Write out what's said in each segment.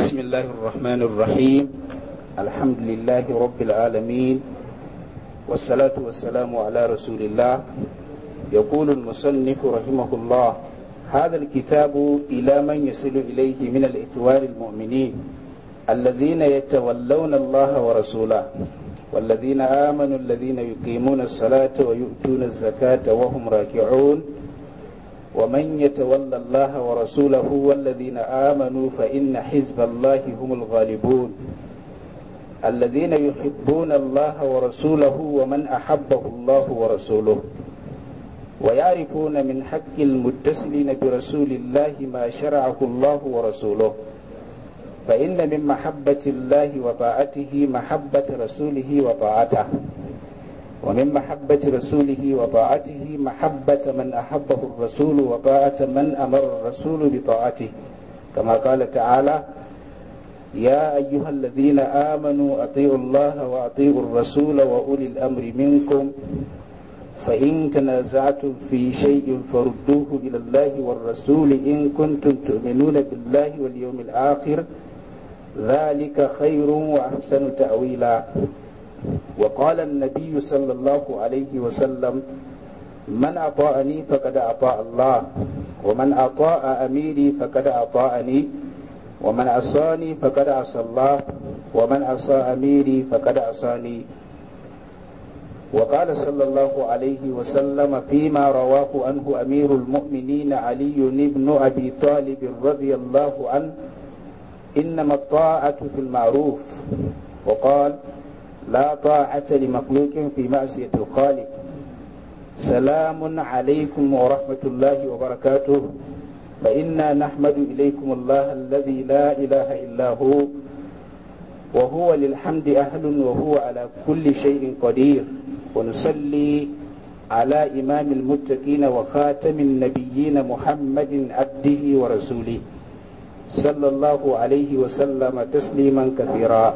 بسم الله الرحمن الرحيم الحمد لله رب العالمين والصلاة والسلام على رسول الله يقول المصنف رحمه الله هذا الكتاب إلى من يصل إليه من الإتوار المؤمنين الذين يتولون الله ورسوله والذين آمنوا الذين يقيمون الصلاة ويؤتون الزكاة وهم راكعون ومن يتولى الله ورسوله والذين آمنوا فإن حزب الله هم الغالبون الذين يحبون الله ورسوله ومن أحبه الله ورسوله ويعرفون من حق المتصلين برسول الله ما شرعه الله ورسوله فإن من محبة الله وطاعته محبة رسوله وطاعته ومن محبة رسوله وطاعته محبة من أحبه الرسول وطاعة من أمر الرسول بطاعته كما قال تعالى يا أيها الذين آمنوا أطيعوا الله وأطيعوا الرسول وأولي الأمر منكم فإن تنازعتم في شيء فردوه إلى الله والرسول إن كنتم تؤمنون بالله واليوم الآخر ذلك خير وأحسن تأويلا وقال النبي صلى الله عليه وسلم من أطاعني فقد أطاع الله ومن أطاع أميري فقد أطاعني ومن عصاني فقد عصى الله ومن عصى أميري فقد عصاني وقال صلى الله عليه وسلم فيما رواه عنه أمير المؤمنين علي بن أبي طالب رضي الله عنه إنما الطاعة في المعروف وقال لا طاعة لمخلوق في معصية الخالق سلام عليكم ورحمة الله وبركاته فإنا نحمد إليكم الله الذي لا إله إلا هو وهو للحمد أهل وهو على كل شيء قدير ونصلي على إمام المتقين وخاتم النبيين محمد عبده ورسوله صلى الله عليه وسلم تسليما كثيرا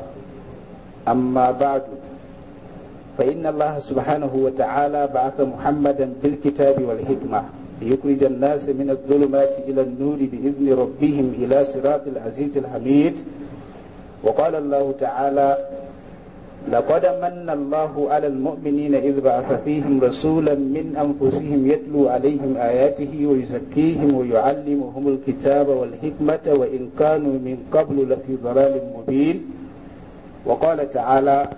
أما بعد فإن الله سبحانه وتعالى بعث محمدا بالكتاب والحكمة ليخرج الناس من الظلمات إلى النور بإذن ربهم إلى صراط العزيز الحميد وقال الله تعالى لقد من الله على المؤمنين إذ بعث فيهم رسولا من أنفسهم يتلو عليهم آياته ويزكيهم ويعلمهم الكتاب والحكمة وإن كانوا من قبل لفي ضلال مبين وقال تعالى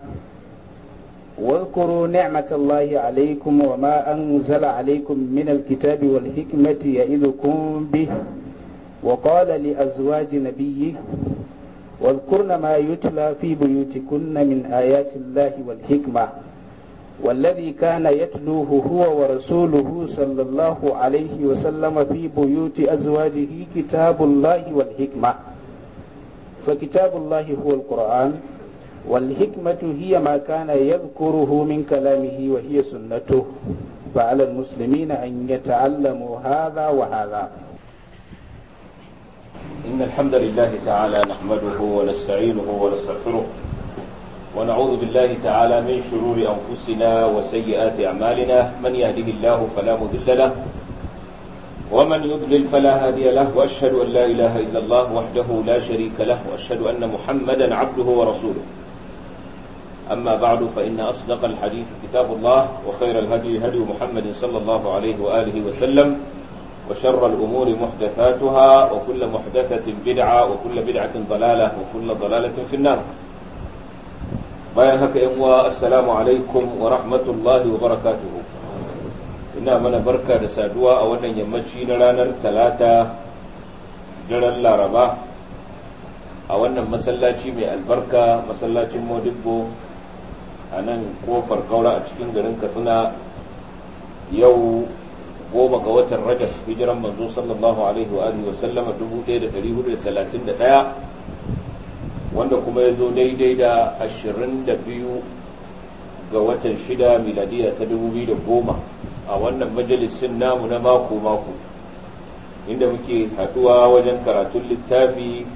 واذكروا نعمة الله عليكم وما أنزل عليكم من الكتاب والحكمة يئذكم به وقال لأزواج نبيه واذكرن ما يتلى في بيوتكن من آيات الله والحكمة والذي كان يتلوه هو ورسوله صلى الله عليه وسلم في بيوت أزواجه كتاب الله والحكمة فكتاب الله هو القرآن والحكمة هي ما كان يذكره من كلامه وهي سنته فعلى المسلمين أن يتعلموا هذا وهذا إن الحمد لله تعالى نحمده ونستعينه ونستغفره ونعوذ بالله تعالى من شرور أنفسنا وسيئات أعمالنا من يهده الله فلا مضل له ومن يضلل فلا هادي له وأشهد أن لا إله إلا الله وحده لا شريك له وأشهد أن محمدا عبده ورسوله أما بعد فإن أصدق الحديث كتاب الله وخير الهدي هدي محمد صلى الله عليه وآله وسلم وشر الأمور محدثاتها وكل محدثة بدعة وكل بدعة ضلالة وكل ضلالة في النار bayan haka yan uwa assalamu alaikum wa rahmatullahi wa barakatuhu ina mana barka da saduwa a wannan yammaci na ranar talata daren laraba a wannan masallaci mai albarka masallacin modibbo a nan kofar kaura a cikin garin katsina yau goma ga watan rajab hijiran manzo sallallahu alaihi wa alihi wasallama 1431 wanda kuma ya zo daidai da 22 ga watan shida miladiya ta 2010 a wannan majalisin namu na mako-mako inda muke haduwa wajen karatun littafi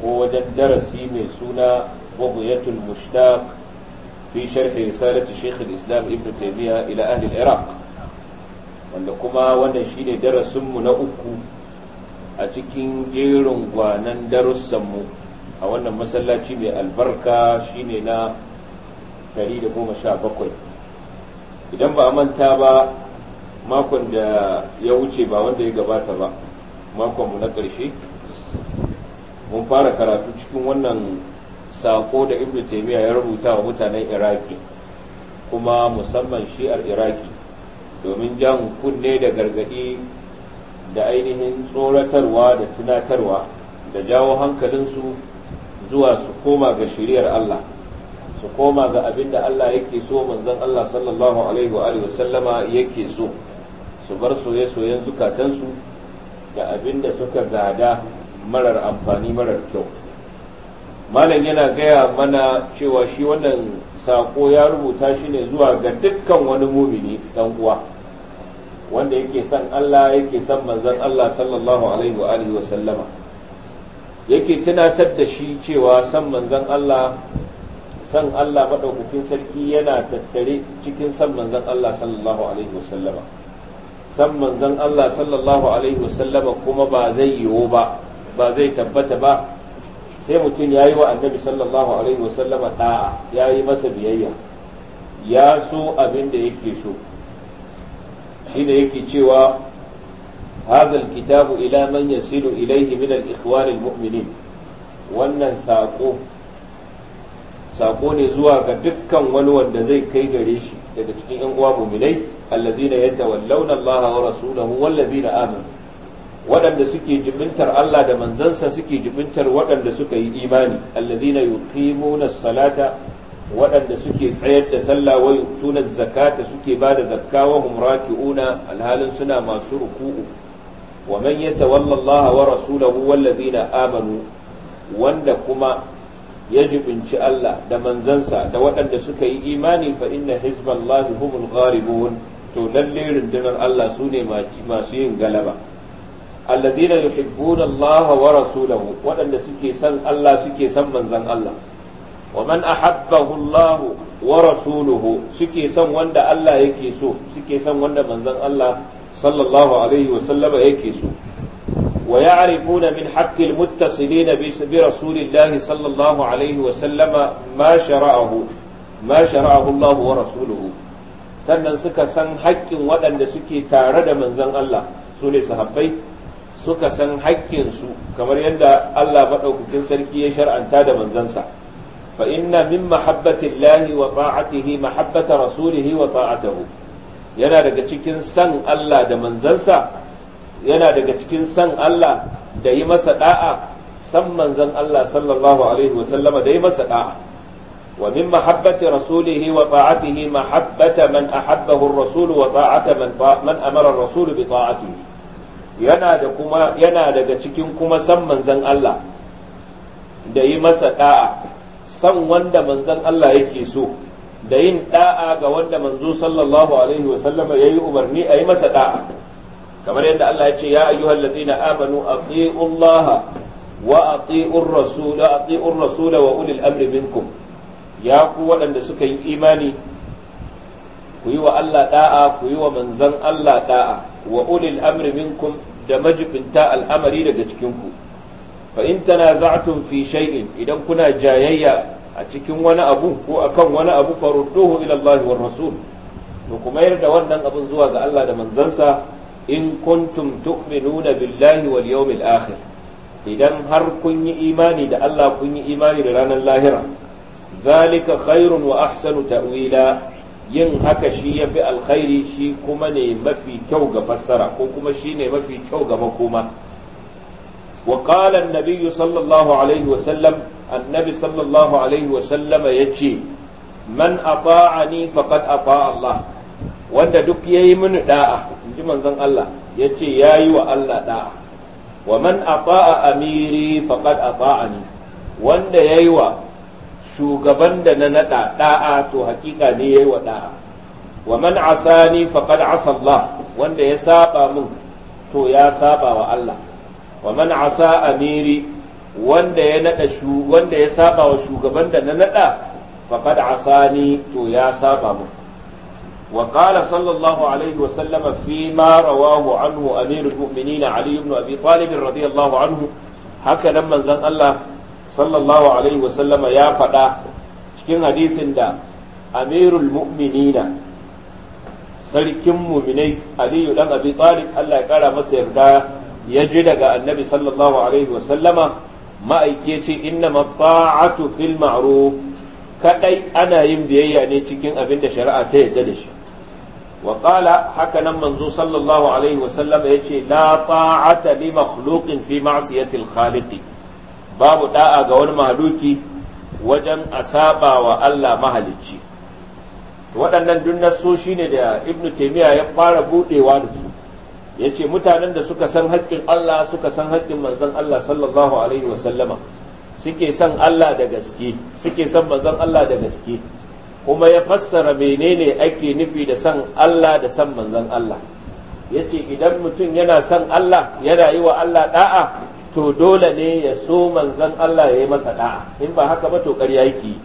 ko wajen darasi mai suna bughyatul mushtaq fi sharhi risalati shaykh al-islam ibn taymiya ila ahli wanda kuma wannan shine darasinmu na uku a cikin geron gwanan darussan mu a wannan masallaci mai albarka shine na da sha bakwai. idan ba a manta ba makon da ya wuce ba wanda ya gabata ba makon na ƙarshe mun fara karatu cikin wannan sako da ibn taymiya ya rubuta wa mutanen iraki kuma musamman shi'ar iraki domin jan kunne da gargadi da ainihin tsoratarwa da tunatarwa da jawo hankalinsu zuwa su koma ga shiriyar Allah su koma ga abin da Allah yake so manzon Allah sallallahu alaihi wa sallama yake so su bar soye-soyen zukatansu da abin da suka gada marar amfani marar kyau malam yana gaya mana cewa shi wannan sako ya rubuta shi ne zuwa ga dukkan wani mumini dan uwa wanda yake son Allah yake son manzon Allah sallallahu alaihi wa alihi wa sallama yake tunatar da shi cewa son manzon Allah san Allah madaukakin sarki yana tattare cikin san manzon Allah sallallahu alaihi wa sallama san manzon Allah sallallahu alaihi wa sallama kuma ba zai yiwu ba ba zai tabbata ba sai mutum ya yi wa annabi sallallahu alaihi wasallama da'a ya yi masa biyayya ya so abin da yake so shi ne yake cewa هذا kitabu إلى من يصل إليه من الإخوان muminin wannan saƙo saƙo ne zuwa ga dukkan wani wanda zai kai gare shi daga cikin 'yan uwa muminai allazina yatawallauna Allah wa rasulahu wallazina amanu waɗanda suke jibintar Allah da manzansa suke jibintar waɗanda suka yi imani alladhina yuqimuna salata waɗanda suke tsayar da sallah wa yu'tuna zakata suke ba da zakka wa hum raki'una alhalin suna masu ruku'u wa man yatawalla Allah wa rasulahu walladhina amanu wanda kuma ya jibinci Allah da manzansa da waɗanda suka yi imani fa inna hizballahi humul ghalibun to lalle rundunar Allah su ne masu yin galaba alladhina yuhibbuna Allah wa rasulahu waɗanda suke san Allah suke san manzon Allah wa man ahabbahu Allah wa rasuluhu suke san wanda Allah yake so suke san wanda manzon Allah sallallahu alaihi wa sallama yake so wa ويعرفون من حق المتصلين برسول الله صلى الله عليه وسلم ما شرعه ما شرعه wa rasuluhu sannan suka san haƙƙin waɗanda suke tare da manzon Allah su ne sahabbai suka san haƙƙinsu kamar yadda Allah maɗaukakin sarki ya shar'anta da manzansa fa inna min mahabbatillahi wa ta'atihi mahabbata rasulihi wa ta'atahu yana daga cikin san Allah da manzansa yana daga cikin san Allah da yi masa da'a san manzan Allah sallallahu alaihi wa sallama da yi masa da'a wa min mahabbati rasulihi wa ta'atihi mahabbata man ahabbahu ar-rasul wa ta'ata man amara ar-rasul bi ta'atihi yana da kuma yana daga cikin kuma san manzan Allah da yi masa da'a san wanda manzan Allah yake so da yin da'a ga wanda manzo sallallahu alaihi wa sallama yayi umarni a yi masa da'a kamar yadda Allah ya ce ya ayyuhal ladina amanu atiiu Allah wa atiiu ar-rasul atiiu ar-rasul wa ulil amri minkum ya ku waɗanda suka yi imani ku yi wa Allah da'a ku yi wa manzan Allah da'a wa ulil amri minkum da majibinta al'amari daga cikinku fa in tanaza'tum fi shay'in idan kuna jayayya a cikin wani abu ko akan wani abu farudduhu ila Allah war rasul to kuma da wannan abun zuwa ga Allah da manzansa in kuntum tu'minuna billahi wal yawmil akhir idan har kun yi imani da Allah kun yi imani da ranar lahira zalika khairun wa ahsanu ta'wila yin haka shi ya fi alkhairi shi kuma ne mafi kyau ga fassara ko kuma shi ne mafi kyau ga makoma wa qala an sallallahu alaihi wa sallam annabi sallallahu alaihi wa sallama yace man ata'ani faqad ata'a Allah wanda duk yayi mini da'a inji manzon Allah yace yayi wa Allah da'a wa man ata'a amiri faqad wanda yayi wa shugaban da na nada da'a to hakika ne yi wa da'a wa man asani faqad asa Allah wanda ya saba min to ya saba wa Allah wa man asa amiri wanda ya nada shu wanda ya saba wa shugaban da na nada faqad asani to ya saba min وقال صلى الله عليه وسلم فيما رواه عنه أمير المؤمنين علي بن أبي طالب رضي الله عنه هكذا من زن allah. sallallahu alaihi wasallama ya faɗa cikin hadisin da amirul mu'minina sarkin muminai aliyu dan abi talib Allah ya kara masa yarda ya ji daga annabi sallallahu alaihi wasallama ma'aike ce inna mata'atu fil ma'ruf kadai ana yin biyayya ne cikin abin da shari'a ta yarda da shi wa qala haka nan manzo sallallahu alaihi wasallama yace la ta'ata li makhluqin fi ma'siyati al khaliq babu da'a ga wani mahaluki wajen a saba wa Allah mahalicci waɗannan dunnaso shi ne da ibnu taimiyya ya fara buɗewa da su ya ce mutanen da suka san haƙƙin Allah suka san haƙƙin manzon Allah sallallahu alaihi wasallama suke son Allah da gaske suke son manzon Allah da gaske kuma ya fassara menene ake nufi da son Allah da son manzon Allah ya ce idan mutum yana son Allah yana yi wa Allah da'a to dole ne ya so manzan Allah ya yi masa da'a in ba haka ba to ƙarya yake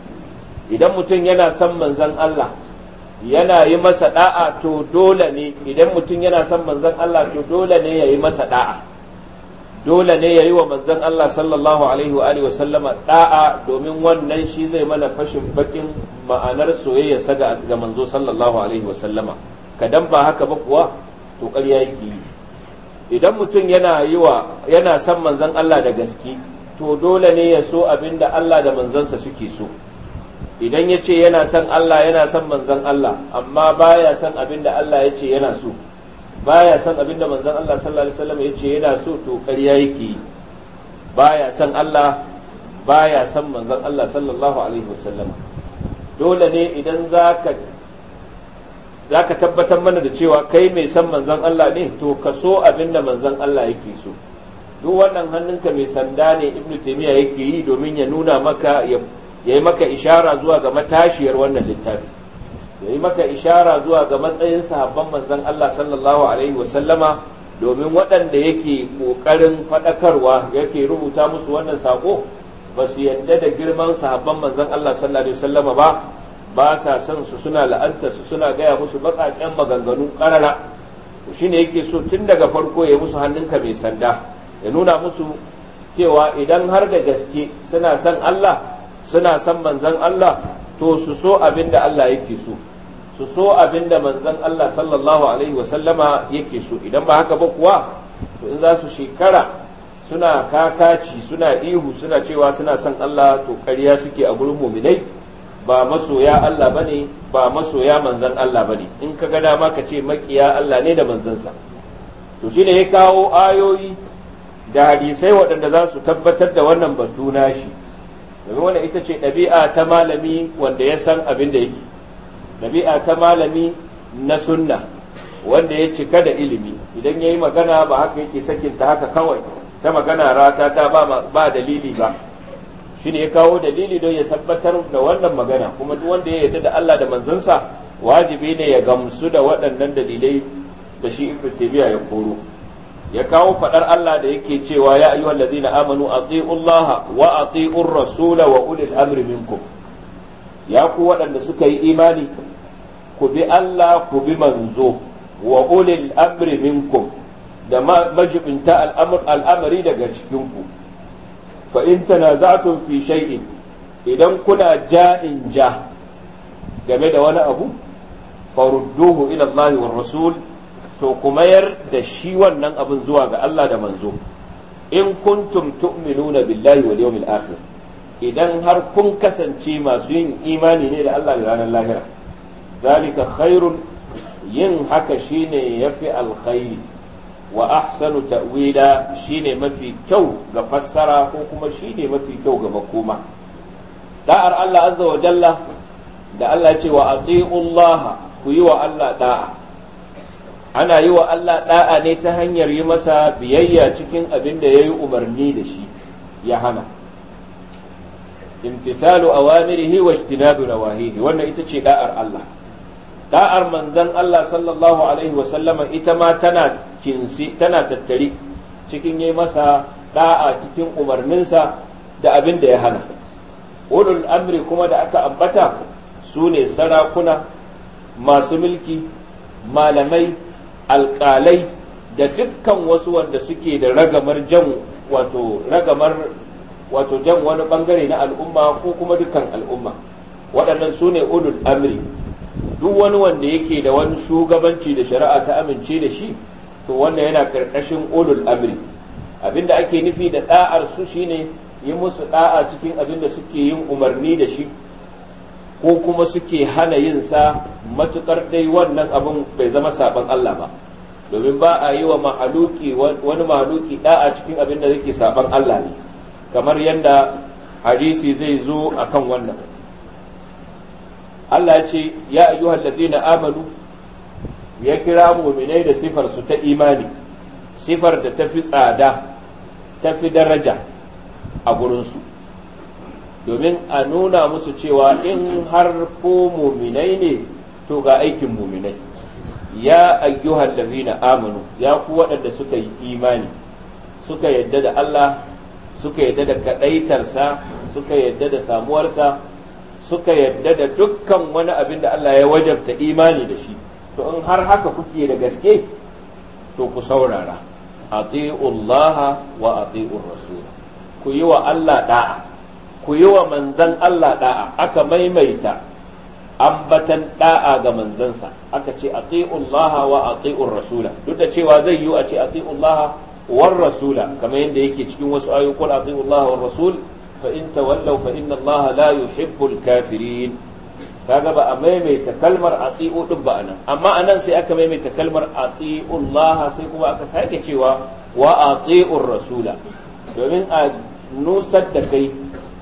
idan mutum yana son manzan Allah yana yi masa da'a to dole ne idan mutum yana son manzan Allah to dole ne ya yi masa da'a dole ne ya yi wa manzan Allah sallallahu alaihi wa alihi sallama da'a domin wannan shi zai mana fashin bakin ma'anar soyayya saga ga manzo sallallahu alaihi sallama kadan ba haka ba kuwa to ƙarya yake yi idan mutum yana yi wa yana son manzan Allah da gaske to dole ne ya so abin da Allah da manzansa suke so idan ya ce yana son Allah yana son manzan Allah amma baya son abin da Allah ya ce yana so baya son abin da manzan Allah sallallahu alaihi wasallam ya ce yana so to ƙarya yake yi baya son Allah baya son manzan Allah sallallahu alaihi wasallam dole ne idan za ka za ka tabbatar mana da cewa kai mai san manzan Allah ne to ka so abin da manzon Allah yake so duk wannan hannunka mai sanda ne ibnu taymiya yake yi domin ya nuna maka ya yi maka ishara zuwa ga matashiyar wannan littafi ya yi maka ishara zuwa ga matsayin sahabban manzan Allah sallallahu alaihi wa sallama domin waɗanda yake ƙoƙarin faɗakarwa yake rubuta musu wannan sako ba su yadda da girman sahabban manzan Allah sallallahu alaihi wa sallama ba ba sa son su suna la'anta su suna gaya musu baƙaƙen maganganu ƙarara shi ne yake so tun daga farko ya musu hannunka mai sanda ya nuna musu cewa idan har da gaske suna son Allah suna son manzon Allah to su so abin da Allah yake so su so abin da manzon Allah sallallahu alaihi wa sallama yake so idan ba haka ba kuwa to in za su shekara suna kakaci suna ihu suna cewa suna son Allah to ƙarya suke a gurin muminai ba masoya Allah bane ba masoya manzan Allah bane in ka ga ma ka ce makiya Allah ne da manzansa to shi ne ya kawo ayoyi da hadisai waɗanda za su tabbatar da wannan batu shi. domin wannan ita ce ɗabi'a ta malami wanda ya san abin da yake ɗabi'a ta malami na sunna wanda ya cika da ilimi idan ya yi magana ba haka yake sakinta haka kawai ta magana rata ta ba dalili ba shine ya kawo dalili don ya tabbatar da wannan magana kuma duk wanda ya yarda da Allah da manzansa wajibi ne ya gamsu da waɗannan dalilai da shi ibn taymiya ya koro ya kawo faɗar Allah da yake cewa ya ayyuhal ladina amanu atiullaha wa atiur rasula wa ulil amri minkum ya ku waɗanda suka yi imani ku bi Allah ku bi manzo wa ulil amri minkum da majibinta al'amari daga cikinku fahimta na tanaza'tum fi shay'in idan kuna ja'in ja game da wani abu farudduhu ila Allah war rasul to kuma yar da shi wannan abin zuwa ga Allah da manzo in kuntum tu'minuna billahi wal yawmil akhir idan har kun kasance masu yin imani ne da Allah da ranar lahira zalika khairun yin haka shine yafi alkhairi wa ahsanu ta'wila shine mafi kyau ga fassara ko kuma shine mafi kyau ga makoma da'ar Allah azza wa jalla da Allah ce wa atiullaha ku yi wa Allah da'a ana yi wa Allah da'a ne ta hanyar yi masa biyayya cikin abin da yayi umarni da shi ya hana imtisalu awamirihi wa ijtinabu nawahihi wannan ita ce da'ar Allah da'ar manzon Allah sallallahu alaihi wa sallama ita ma tana kinsi tana tattari cikin yi masa da'a cikin umarninsa da abin da ya hana ulul amri kuma da aka ambata su ne sarakuna masu mulki malamai alƙalai da dukkan wasu wanda suke da ragamar jan wato ragamar wato jan wani bangare na al'umma ko kuma dukkan al'umma waɗannan su ne ulul amri duk wani wanda yake da wani shugabanci da shari'a ta amince da shi to wannan yana karkashin ulul amri abinda ake nufi da da'ar su shine yi musu da'a cikin abinda suke yin umarni da shi ko kuma suke hana yin sa matukar dai wannan abin bai zama saban Allah ba domin ba a yi wa mahaluki wani mahaluki da'a cikin abinda yake saban Allah ne kamar yadda hadisi zai zo akan wannan Allah ya ce ya ayyuhal ladina amanu ya kira mu'minai da sifar su ta imani sifar da tafi tsada tafi daraja a gurinsu domin a nuna musu cewa in har ko muminai ne to ga aikin muminai ya ayyuhal ladina amanu ya ku waɗanda suka yi imani suka yadda da Allah suka yadda da kaɗaitarsa suka yadda da samuwarsa suka yadda da dukkan wani abin da Allah ya wajabta imani da shi to in har haka kuke da gaske to ku saurara ati'ullaha wa ati'ur rasul ku yi wa Allah da'a ku yi wa manzan Allah da'a aka maimaita ambatan da'a ga manzansa aka ce ati'ullaha wa ati'ur rasula duk da cewa zai yi a ce ati'ullaha war rasula kamar yadda yake cikin wasu ayoyi qul ati'ullaha war rasul fa in tawallaw fa inna Allah la yuhibbul kafirin kaga ba a maimaita kalmar ati'u din ba anan amma anan sai aka maimaita kalmar ati'u Allah sai kuma aka sake cewa wa ati'u rasula domin a nusar da kai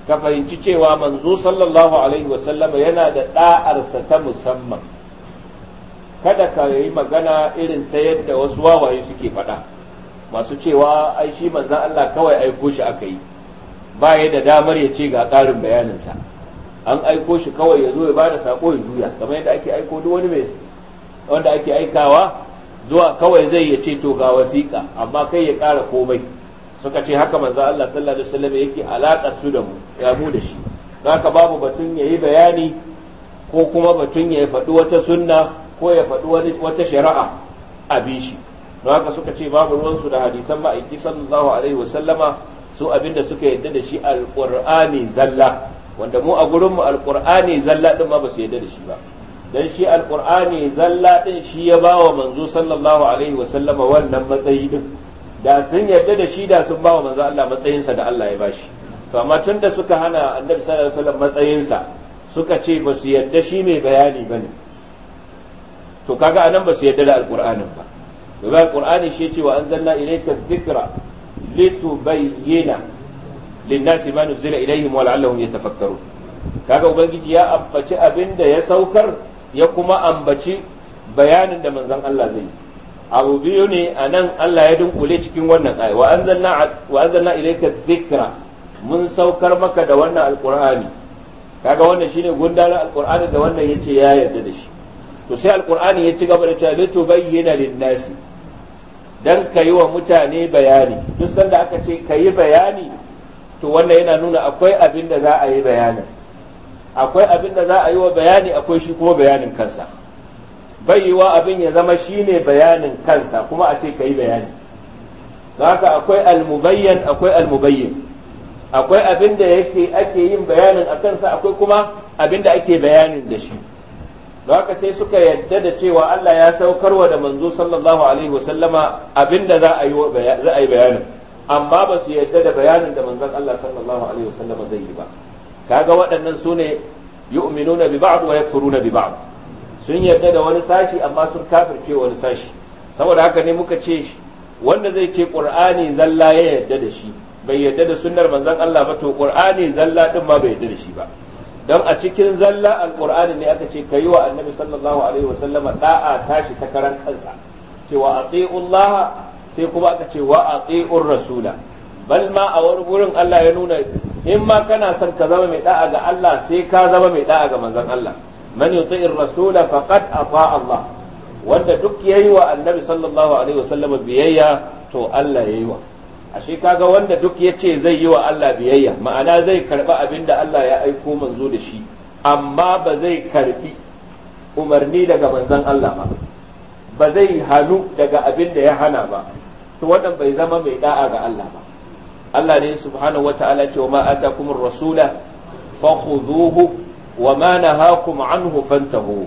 ka fahimci cewa manzo sallallahu alaihi wasallama yana da ɗa'arsa ta musamman kada ka yi magana irin ta yadda wasu wawaye suke faɗa masu cewa ai shi manzan Allah kawai aiko shi aka yi ba ya da damar ya ce ga ƙarin bayaninsa an aiko shi kawai ya zo ya bada sako ya juya kamar yadda ake aiko duk wani mai wanda ake aikawa zuwa kawai zai ya ce to ga wasiƙa amma kai ya ƙara komai suka ce haka manzo Allah sallallahu alaihi wasallam yake alaƙar su da mu ya mu da shi haka babu batun yayi bayani ko kuma batun ya faɗi wata sunna ko ya faɗi wata shari'a a shi don haka suka ce babu ruwan su da hadisan ma'aiki sallallahu alaihi wasallama su abinda suka yadda da shi alƙur'ani zalla wanda mu a gurinmu alkur'ani zalla ma ba su yarda da shi ba dan shi alkur'ani zallaɗin shi ya ba wa manzo sallallahu alaihi wa sallama wannan matsayi din da sun yadda da shi da sun ba wa manzo Allah matsayinsa da Allah ya bashi to amma da suka hana annabi sallallahu alaihi matsayinsa suka ce ba su yarda shi mai bayani bane to kaga anan ba su yarda da alkur'anin ba domin alkur'ani shi ce wa anzalna ilayka dhikra litubayyana linnasi ma nuzila ilaihim wa la'allahum yatafakkarun kaga ubangiji ya ambaci abin da ya saukar ya kuma ambaci bayanin da manzon Allah zai yi abu biyu ne a nan Allah ya dunkule cikin wannan ayi wa anzalna wa anzalna ilayka dhikra mun saukar maka da wannan alqur'ani kaga wannan shine gundarin alqur'ani da wannan yace ya yarda da shi to sai ya ci gaba da cewa to bayyana linnasi dan kayi wa mutane bayani duk sanda aka ce kayi bayani to wannan yana nuna akwai abin da za a yi bayanin akwai abin da za a yi wa bayani akwai shi kuma bayanin kansa Bai yi wa abin ya zama shi ne bayanin kansa kuma a ce ka yi bayani haka akwai almubayyan akwai almubayyin akwai abin da yake ake yin bayanin a kansa akwai kuma abin da ake bayanin da shi haka sai suka yadda da cewa Allah ya saukarwa da manzo sallallahu alaihi wasallama abin da za a yi bayanin amma ba su yarda da bayanin da manzon Allah sallallahu alaihi wasallam zai yi ba kaga waɗannan su ne yu'minuna bi ba'd wa yakfuruna bi ba'd sun yarda da wani sashi amma sun kafirce wani sashi saboda haka ne muka ce wanda zai ce qur'ani zalla ya yarda da shi bai yarda da sunnar manzon Allah ba to qur'ani zalla din ma bai yarda da shi ba dan a cikin zalla alqur'ani ne aka ce yi wa annabi sallallahu alaihi wasallama da'a tashi ta karan kansa cewa atiullaha sai kuma aka ce wa ati'ur rasula bal ma a wani gurin Allah ya nuna in ma kana son ka zama mai da'a ga Allah sai ka zama mai da'a ga manzon Allah man yuti'ir rasula faqad ata Allah wanda duk yayi wa annabi sallallahu alaihi wasallam biyayya to Allah yayi wa ashe kaga wanda duk yace zai yi wa Allah biyayya ma'ana zai karba da Allah ya aiko manzo da shi amma ba zai karbi umarni daga manzon Allah ba ba zai hannu daga abin da ya hana ba to wannan bai zama mai da'a ga Allah ba Allah ne subhanahu wata'ala ce ma atakumur rasula fakhuduhu wa ma nahakum anhu fantahu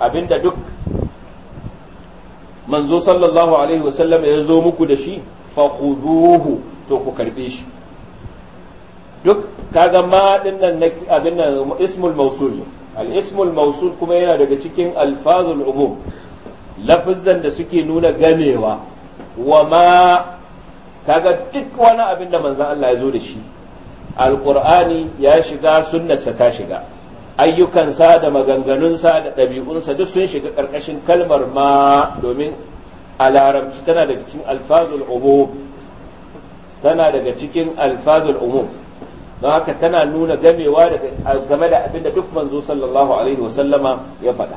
abinda duk manzo sallallahu alaihi sallam ya zo muku da shi fakhuduhu to ku karbe shi duk kaga ma dinnan abin nan ismul mawsul al-ismul mawsul kuma yana daga cikin alfazul umum lafazan da suke nuna gamewa wa ma kaga duk wani abin da manzan Allah ya zo da shi alkur'ani ya shiga sunnarsa ta shiga ayyukansa da maganganunsa da ɗabi'unsa duk sun shiga ƙarƙashin kalmar ma domin a larabci tana daga cikin alfazul umum tana daga cikin alfazul umum don haka tana nuna gamewa game da abin da duk manzo sallallahu alaihi wasallama ya faɗa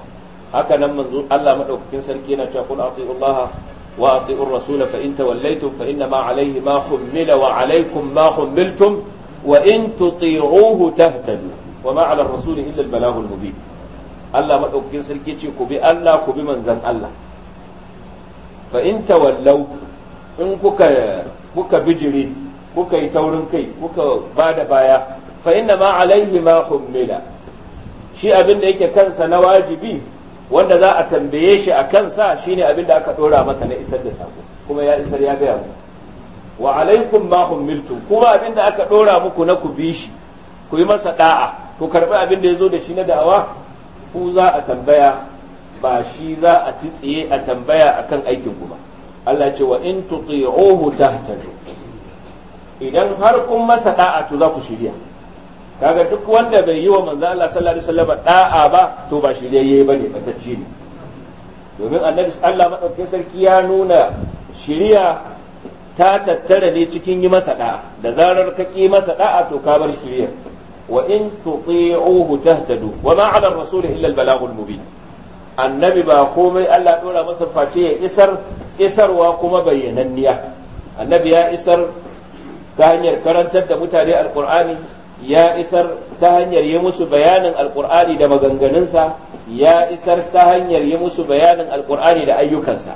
haka nan manzo Allah madaukakin sarki yana cewa kun Allah وأطيعوا الرسول فإن توليتم فإنما عليه ما حمل وعليكم ما حملتم وإن تطيعوه تهتدوا وما على الرسول إلا البلاغ المبين Allah maɗaukakin sarki ce ku bi Allah ku bi manzan Allah fa in in kuka kuka bijiri kuka yi taurin kai kuka ba da baya fa ma alaihi ma hummila shi abinda yake kansa na wajibi wanda za a tambaye shi a kansa shine abin da aka dora masa na isar da sako kuma ya isar ya gaya mu wa alaikum ma kuma abin da aka ɗora muku na ku bi shi ku yi masa da'a ku karɓi abin da ya zo da shi na da'awa ku za a tambaya ba shi za a titsiye a tambaya akan aikin ku ba Allah ce wa in tuti'uhu tahtadu idan har kun masa da'a to za ku shirya kaga duk wanda bai yi wa manzo Allah sallallahu alaihi wasallam da'a ba to ba shiryayye bane batacce ne domin annabi Allah madaukakin sarki ya nuna shiriya ta tattara ne cikin yi masa da'a da zarar ka ki masa da'a to ka bar shiriya wa in tuti'uhu tahtadu wa ma 'ala ar-rasul illa al-balaghul mubin annabi ba komai Allah dora masa face ya isar isarwa kuma bayyananniya annabi ya isar ta hanyar karantar da mutane alqur'ani ya isar ta hanyar yi musu bayanin alkur'ani da maganganunsa ya isar ta hanyar yi musu bayanin alkur'ani da ayyukansa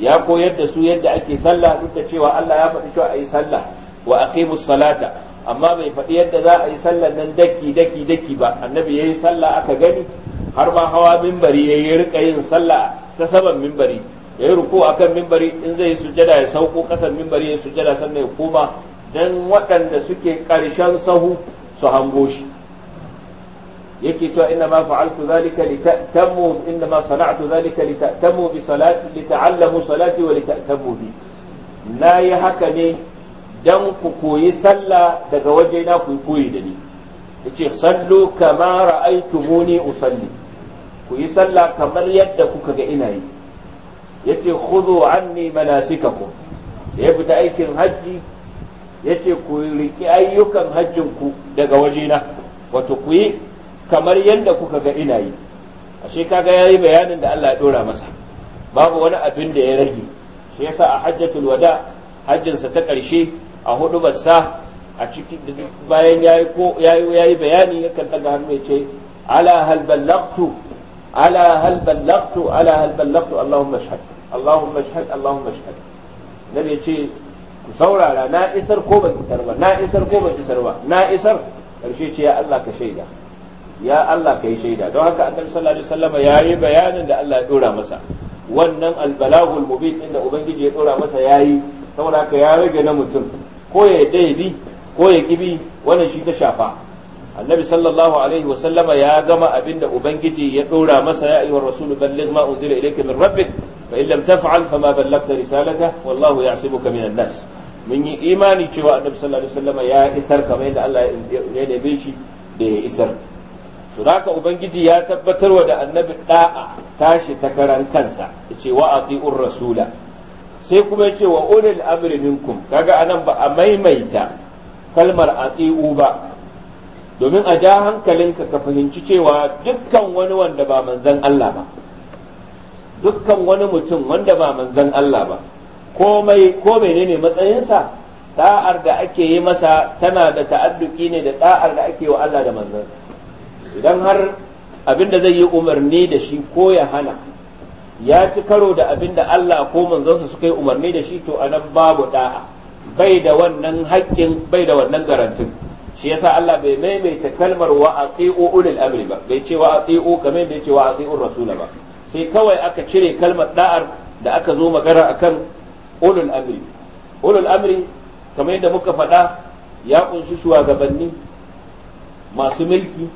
ya koyar da su yadda ake sallah duk da cewa Allah ya faɗi cewa a yi sallah wa aqimus salata amma bai faɗi yadda za a yi sallah nan daki daki daki ba annabi ya yi sallah aka gani har ma hawa mimbari yayi rika yin sallah ta saman mimbari yayi ruku akan mimbari in zai sujjada ya sauko kasan mimbari ya sujjada sannan ya koma don waɗanda suke ƙarshen sahu su hango shi yake cewa inna ma fa'altu zalika litatammu inna ma sana'tu zalika litatammu bi salati lita'allamu salati wa litatammu bi nayi haka ne dan ku koyi sallah daga waje na ku koyi da ni yace sallu kama ra'aytumuni usalli ku yi sallah kamar yadda kuka ga ina yi yace khudhu anni manasikakum ya fita aikin hajji yace ku riƙe ayyukan hajjinku daga wajena wato ku yi kamar yadda kuka ga ina yi ashe kaga yi bayanin da Allah ya ɗora masa babu wani abin da ya rage shi yasa a hajjatul wada hajjinsa ta ƙarshe a hudu bassa a cikin bayan ya yi bayani ya bayani yakan daga hannu ya ce ala hal ballagtu ala hal ballagtu ala hal ballagtu allahumma ashhad allahumma ashhad allahumma ashhad nabi ya ce ku saurara na isar ko ban isar ba na isar ko ban isar ba na isar karshe ce ya Allah ka shaida ya Allah ka yi shaida don haka annabi sallallahu alaihi wasallam ya yi bayanin da Allah ya dora masa wannan albalagul mubin din da ubangiji ya dora masa yayi saboda haka ya rage na mutum ko ya yadda ko ya kibi wannan shi ta shafa annabi sallallahu alaihi wasallam ya gama abinda ubangiji ya dora masa ya ayyuhar rasulu balligh ma unzila ilayka min rabbik fa in lam taf'al fama ballagta risalata wallahu ya'sibuka minan nas mun yi imani cewa annabi sallallahu ya isar kamar da Allah ya neme shi da ya isar to haka ubangiji ya tabbatar wa da annabi da'a tashi ta karan kansa yace wa atiur rasula sai kuma ya ce wa ulil amri minkum kaga anan ba a maimaita kalmar atiu ba domin a ja hankalinka ka fahimci cewa dukkan wani wanda ba manzon Allah ba dukkan wani mutum wanda ba manzan Allah ba komai ko menene matsayinsa da'ar da ake yi masa tana da ta'adduki ne da da'ar da ake wa Allah da manzansa idan har abin da zai yi umarni da shi ko ya hana ya ci karo da abin da Allah ko manzansa suka yi umarni da shi to anan babu da'a bai da wannan haƙƙin bai da wannan garantin shi yasa Allah bai maimaita kalmar wa aqi'u ulil amri ba bai ce wa aqi'u kamar bai ce wa aqi'ur rasula ba sai kawai aka cire kalmar da'ar da aka zo magana akan ulul amri ulul amri kamar yadda muka faɗa ya kunshi shugabanni masu mulki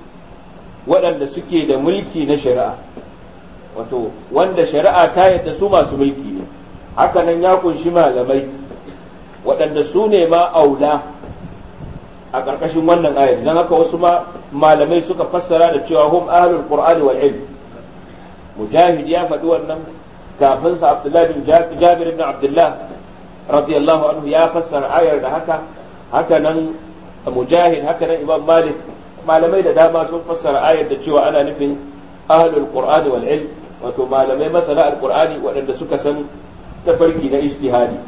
waɗanda suke da mulki na shari'a wato wanda shari'a ta yadda su masu mulki ne hakanan ya kunshi malamai waɗanda su ne ma aula a ƙarƙashin wannan ayat don haka wasu ma malamai suka fassara da cewa hum ahlul qur'ani wal ilm mujahid ya faɗi wannan kafin sa abdullahi bin jabir ibn abdullah radiyallahu anhu ya fassara ayar da haka haka nan mujahid haka nan imam malik malamai da dama sun fassara ayar da cewa ana nufin ahlul qur'ani wal ilm wato malamai masana alqur'ani waɗanda suka san tafarki na ijtihadi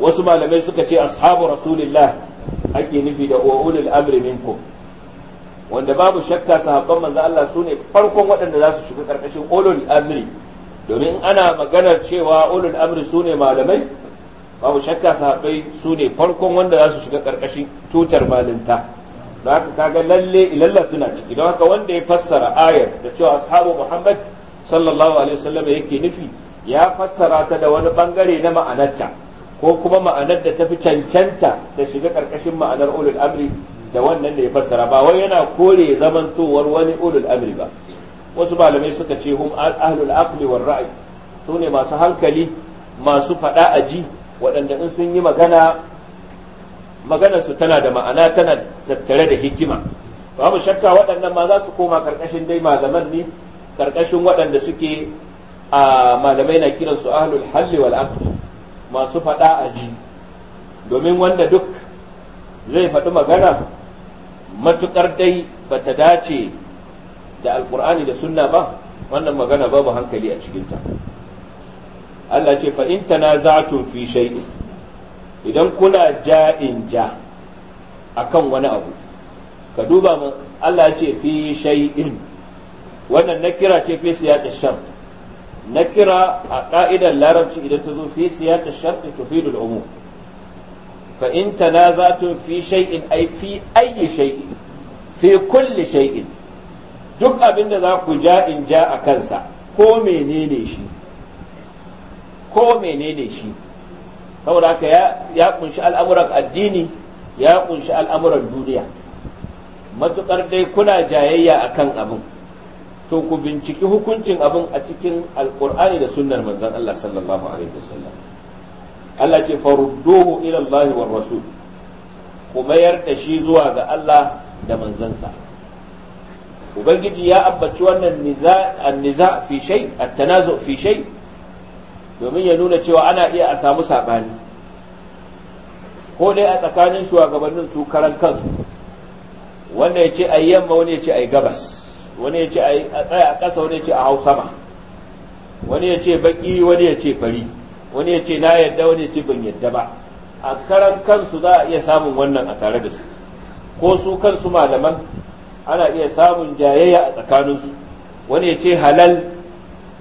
wasu malamai suka ce ashabu rasulillah ake nufi da ulul amri minkum wanda babu shakka sahabban manzo Allah su ne farkon waɗanda za su shiga karkashin ulul amri domin ana maganar cewa ulul amri su ne malamai babu shakka sahabbai su ne farkon wanda za su shiga karkashin tutar malinta don haka kaga lalle ilalla suna ciki don haka wanda ya fassara ayar da cewa ashabu muhammad sallallahu alaihi wasallam yake nufi ya fassara ta da wani bangare na ma'anarta ko kuma ma'anar da tafi cancanta da shiga karkashin ma'anar ulul amri da wannan da ya fassara ba wai yana kore zamantowar wani ulul amri ba wasu malamai suka ce hum ahlul aqli war ra'i su ne masu hankali masu fada a ji waɗanda in sun yi magana maganar su tana da ma'ana tana tattare da hikima babu shakka waɗannan ma za su koma karkashin dai malaman ne karkashin waɗanda suke a malamai na kiransu ahlul halli wal aqli masu faɗa a ji domin wanda duk zai faɗi magana matukar dai bata dace da Alƙur'ani da sunna ba wannan magana babu hankali a cikinta Allah ce fa in tanaza'tum fi shay'in idan kuna ja'in ja kan wani abu ka duba mu Allah ce fi shay'in wannan na kira ce fi siya siyaqi shart kira a ƙa'idan larabci idan ta zo fi siya siyaqi shart tufidul umum fa in tanaza'tum fi shay'in ay fi ayyi fi kulli shay'in duk abinda za ku ja in ja a kansa ko menene shi ko menene shi saboda haka ya kunshi al'amuran addini ya kunshi al'amuran duniya matukar dai kuna jayayya kan abin to ku binciki hukuncin abin a cikin alkur'ani da sunnar manzon Allah sallallahu alaihi wasallam Allah ce farudduhu ila Allah war rasul ku mayar da shi zuwa ga Allah da manzansa ubangiji ya abaci wannan niza fi shay at-tanazu fi shay domin ya nuna cewa ana iya a samu sabani ko dai a tsakanin shugabannin su karan kansu wanda ya ce a yamma wani ya ce a gabas wani ya ce a tsaya a ƙasa wani ya ce a hau sama wani ya ce baƙi, wani ya ce fari wani ya ce na yadda wani ya ce ban yadda ba a karan kansu za a iya samun wannan a tare da su ko su kansu malaman ana iya samun jayayya a tsakaninsu wani ya ce halal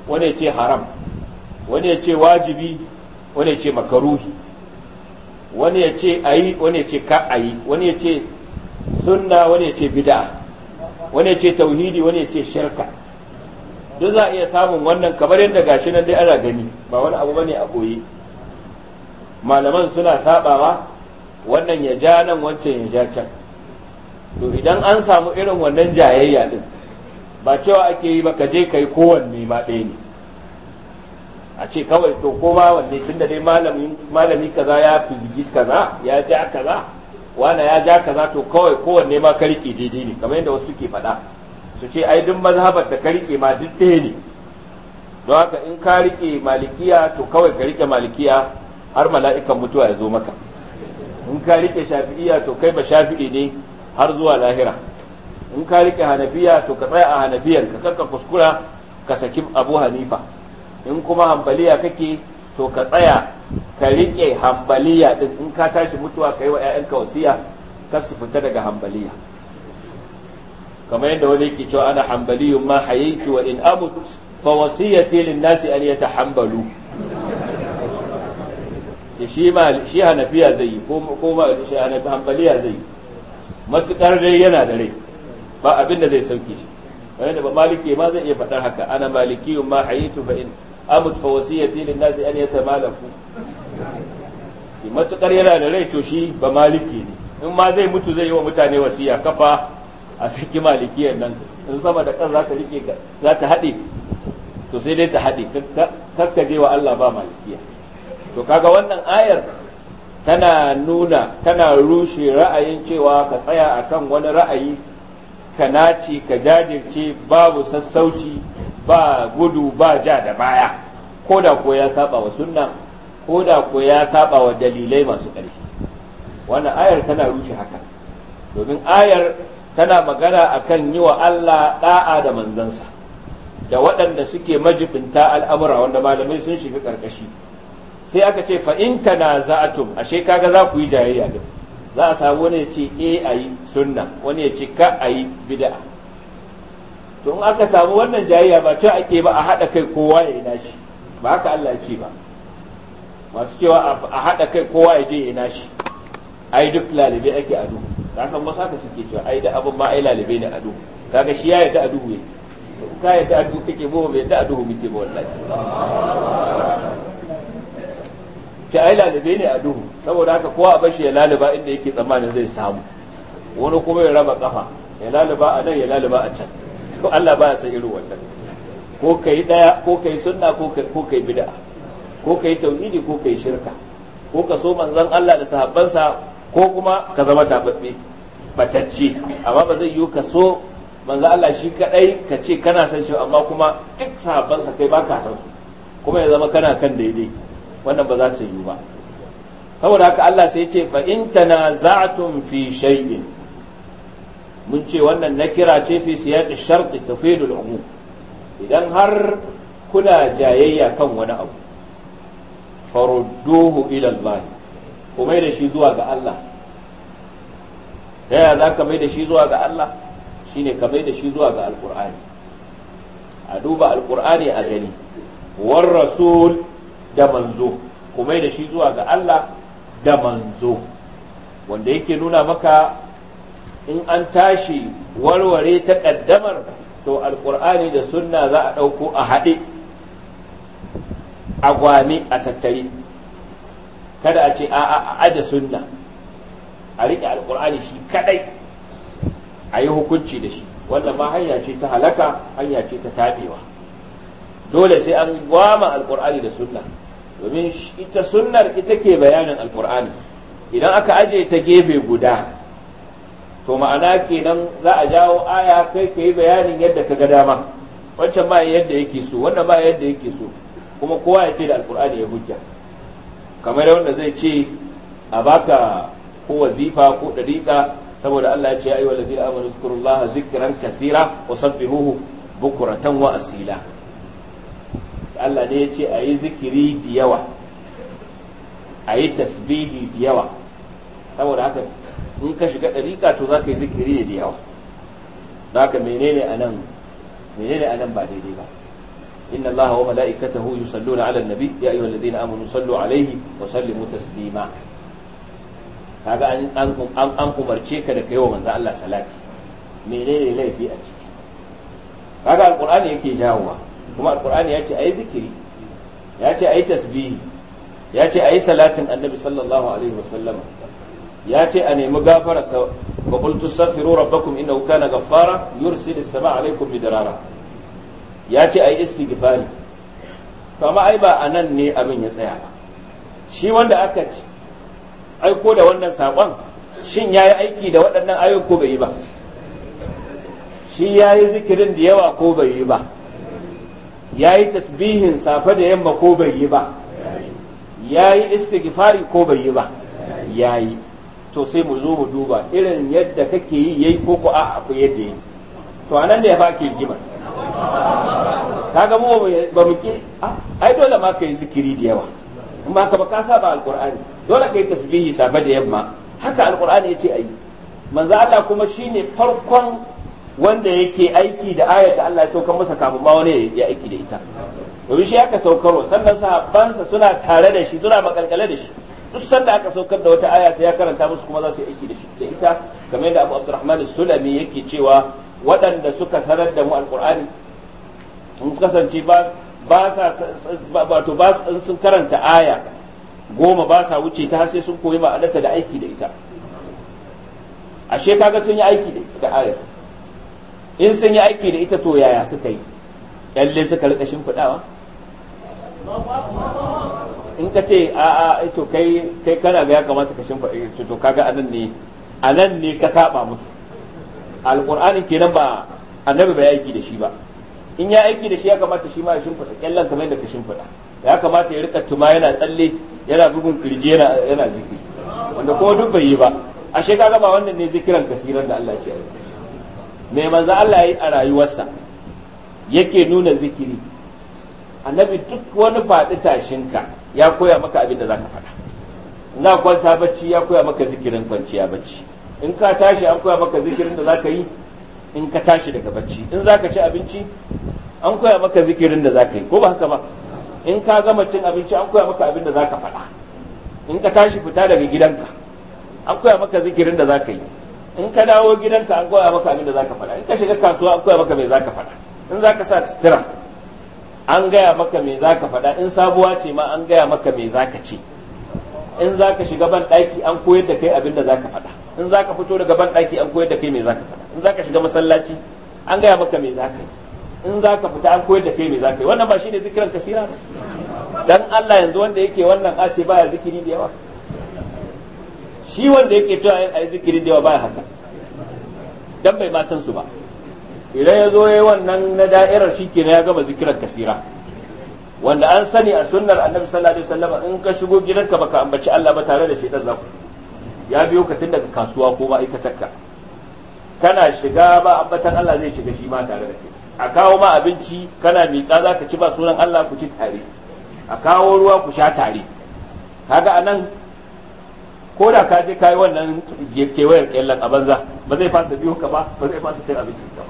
wani ya ce haram wani ya ce wajibi wani ya ce makaruhi wani ya ce ayi wani ya ce ka ayi wani ya ce sunna wani ya ce bid'a wani ya ce tauhidi wani ya ce shirka duk za a iya samun wannan kamar yadda gashi nan dai ana gani ba wani abu bane a boye malaman suna sabawa wannan ya ja nan wancan ya ja can to idan an samu irin wannan jayayya din ba cewa ake yi ba ka je kai kowanne ma ɗaya ne a ce kawai to ko ma wanne tunda dai malami kaza ya fizigi kaza ya ja kaza wana ya ja kaza to kawai kowanne ma ka rike daidai ne kamar yadda wasu ke faɗa su ce ai duk mazhabar da ka rike ma duk ɗaya ne don haka in ka rike malikiya to kawai ka rike malikiya har mala'ikan mutuwa ya zo maka in ka rike shafi'iya to kai ba shafi'i ne har zuwa lahira in ka rike hanafiya to ka tsaya a hanafiyar ka karka kuskura ka saki abu hanifa in kuma hambaliya kake to ka tsaya ka rike hambaliya din in ka tashi mutuwa ka yi wa 'ya'yanka wasiya ka su fita daga hambaliya kamar yadda wani yake cewa ana hambaliyun ma hayaitu wa in amut fa wasiyati lin nasi an yatahambalu shi ma shi hanafiya zai yi ko ma shi hanafi hanbaliya zai yi matukar dai yana da rai ba abin da zai sauke shi wani da ba maliki ma zai iya faɗar haka ana maliki ma hayitu fa in amut fa wasiyati lin nasi an yatamalaku shi matukar yana da rai to shi ba maliki ne in ma zai mutu zai yi wa mutane wasiya kafa a saki malikiyar nan in sama da kan za ta rike za ta haɗe to sai dai ta haɗe je wa Allah ba malikiya to kaga wannan ayar tana nuna tana rushe ra'ayin cewa ka tsaya akan wani ra'ayi ka naci ka jajirce babu sassauci ba gudu ba ja da baya ko da ko ya saba wa sunna ko da ko ya saba wa dalilai masu ƙarfi wannan ayar tana rushe haka domin ayar tana magana akan yi wa Allah da'a da manzansa da waɗanda suke majibinta al'amura wanda malamai sun shiga ƙarƙashi sai aka ce fa'in ta na za'atum ashe kaga za ku yi jayayya din za a samu wani ya ce e a yi sunna wani ya ce ka a yi to in aka samu wannan jayayya ba ce ake ba a haɗa kai kowa ya yi nashi ba haka Allah ya ce ba masu cewa a haɗa kai kowa ya je ya yi nashi ai duk lalibai ake ado ka san wasu haka suke cewa ai da abin ma ai lalibai ne ado kaga shi ya yarda a duhu yake ka yadda a duhu kake bo bai da a duhu muke ba wallahi ki ai lalube ne a duhu saboda haka kowa a bashi ya laluba inda yake tsammanin zai samu wani kuma ya raba kafa ya laluba a nan ya laluba a can ko Allah ba ya san irin wannan ko kai daya ko kai sunna ko kai bid'a ko kai tauhidi ko kai shirka ko ka so manzon Allah da sahabbansa ko kuma ka zama tababbe batacce amma ba zai yi ka so manzo Allah shi kadai ka ce kana san shi amma kuma duk sahabbansa kai baka san su kuma ya zama kana kan daidai wannan ba za ta yiwu ba saboda haka Allah sai ce fa in tanaza'tum fi shay'in mun ce wannan nakira ce fi siyaqi shart tufidu al idan har kuna jayayya kan wani abu farudduhu ila Allah kuma da shi zuwa ga Allah ta yaya za ka mai da shi zuwa ga Allah shine ka mai da shi zuwa ga alkur'ani a duba alkur'ani a gani war rasul da manzo ku mai da shi zuwa ga Allah da manzo wanda yake nuna maka in an tashi warware ta ƙaddamar to alkur'ani da sunna za a ɗauko a haɗe a a tattare kada a ce a a a da sunna a riƙe alkur'ani shi kaɗai a yi hukunci da shi wannan ma hanya ce ta halaka hanya ce ta tabewa dole sai an gwama alkur'ani da sunna domin ita sunnar ita ke bayanin alkur'ani idan aka aje ta gefe guda to ma'ana kenan za a jawo aya kai ka yi bayanin yadda ka ga dama wancan ba yadda yake so wannan ba yadda yake so kuma kowa ya ce da alkur'ani ya hujja kamar wanda zai ce a baka ko wazifa ko dariƙa saboda Allah ya ce ayyuhal ladina amanu zkurullaha zikran kaseera wa sabbihuhu bukratan wa asila Allah ne ya ce ayi zikiri da yawa ayi tasbihi da yawa saboda haka in ka shiga dariƙa to za ka yi zikiri da yawa don haka menene anan menene anan ba daidai ba إن الله وملائكته يصلون على النبي يا أيها الذين آمنوا صلوا عليه وسلموا تسليما kaga an umarce ka da kai wa manzo Allah salati menene laifi a ciki kaga alqur'ani yake jawowa kuma alqur'ani ya ce ayi zikiri ya ce ayi tasbihi ya ce ayi salatin annabi sallallahu alaihi wasallama ya ce a nemi gafara sa wa qul tastaghfiru rabbakum innahu kana ghaffara yursilu as-samaa alaikum bidarara ya ce ayi istighfari to amma ai ba anan ne abin ya tsaya ba shi wanda aka aiko da wannan saƙon shin ya yi aiki da waɗannan ayyuka ko bai yi ba shi ya yi zikirin da yawa ko bai yi ba ya yi tasbihin safe da yamma ko bai yi ba ya yi istighfari ko bai yi ba ya yi to sai mu zo mu duba irin yadda kake yi yayi ko ko a ku yadda yi to anan ne ya fa ke ka kaga mu ba mu ki ai dole ma ka yi zikiri da yawa amma ka ba ka saba alqur'ani dole kai tasbihi safe da yamma haka alqur'ani yace ayi manzo Allah kuma shine farkon wanda yake aiki da ayar da Allah ya saukar masa kafin ma wani ya aiki da ita domin shi aka saukarwa sannan sahabbansa suna tare da shi suna makalkale da shi duk sanda aka saukar da wata aya sai ya karanta musu kuma za su yi aiki da shi da ita kamar yadda Abu Abdurrahman Sulami yake cewa waɗanda suka tarar da mu alqur'ani mun kasance ba ba sa wato ba sun karanta aya goma ba sa wuce ta sai sun koyi ma'anarta da aiki da ita ashe kaga sun yi aiki da ayar in sun yi aiki da ita to yaya suka yi yalle suka rika shimfiɗawa in ka ce a a eh to kai kai kana ga ya kamata ka shimfiɗa to kaga anan ne anan ne ka saba musu alqur'anin kenan ba annabi ba ya aiki da shi ba in ya aiki da shi ya kamata shi ma ya shimfiɗa kyallan kamar yadda ka shimfiɗa ya kamata ya rika tuma yana tsalle yana bugun kirji yana yana zikiri wanda ko duk bai yi ba ashe kaga ba wannan ne zikiran kasiran da Allah ya ce me manzo Allah yi a rayuwarsa yake nuna zikiri annabi duk wani faɗi tashinka ya koya maka abin da zaka faɗa na kwanta bacci ya koya maka zikirin kwanciya bacci in ka tashi an koya maka zikirin da zaka yi in ka tashi daga bacci in zaka ci abinci an koya maka zikirin da zaka yi ko ba haka ba in ka gama cin abinci an koya maka abin da za ka faɗa in ka tashi fita daga gidanka an koya maka zikirin da za ka yi in ka dawo gidanka an koya maka abin da za ka faɗa in ka shiga kasuwa an koya maka me za ka faɗa in za ka sa sutura an gaya maka me za ka faɗa in sabuwa ce ma an gaya maka me za ka ce in za ka shiga ban ɗaki an koyar da kai abin da za ka faɗa in za ka fito daga ban ɗaki an koyar da kai me za ka faɗa in za ka shiga masallaci an gaya maka me za ka yi in za ka fita an koyar da kai me za ka yi wannan ba shi ne zikiran kasira ba dan Allah yanzu wanda yake wannan a ce baya zikiri da yawa shi wanda yake cewa a yi zikiri da yawa baya haka dan bai ma san su ba idan ya zo yayi wannan na da'irar shi kenan ya gama zikiran kasira wanda an sani a sunnar annabi sallallahu alaihi wasallam in ka shigo gidanka baka ambaci Allah ba tare da shedan za ku ya biyo ka tun daga kasuwa ko ma'aikatarka kana shiga ba ambatan Allah zai shiga shi ma tare da kai a kawo ma abinci kana miƙa za ka ci ba sunan Allah ku ci tare a kawo ruwa ku sha tare kaga anan ko da ka je kai wannan kewayar kyallan a banza ba zai fasa biyo ka ba ba zai fasa cin abincin ka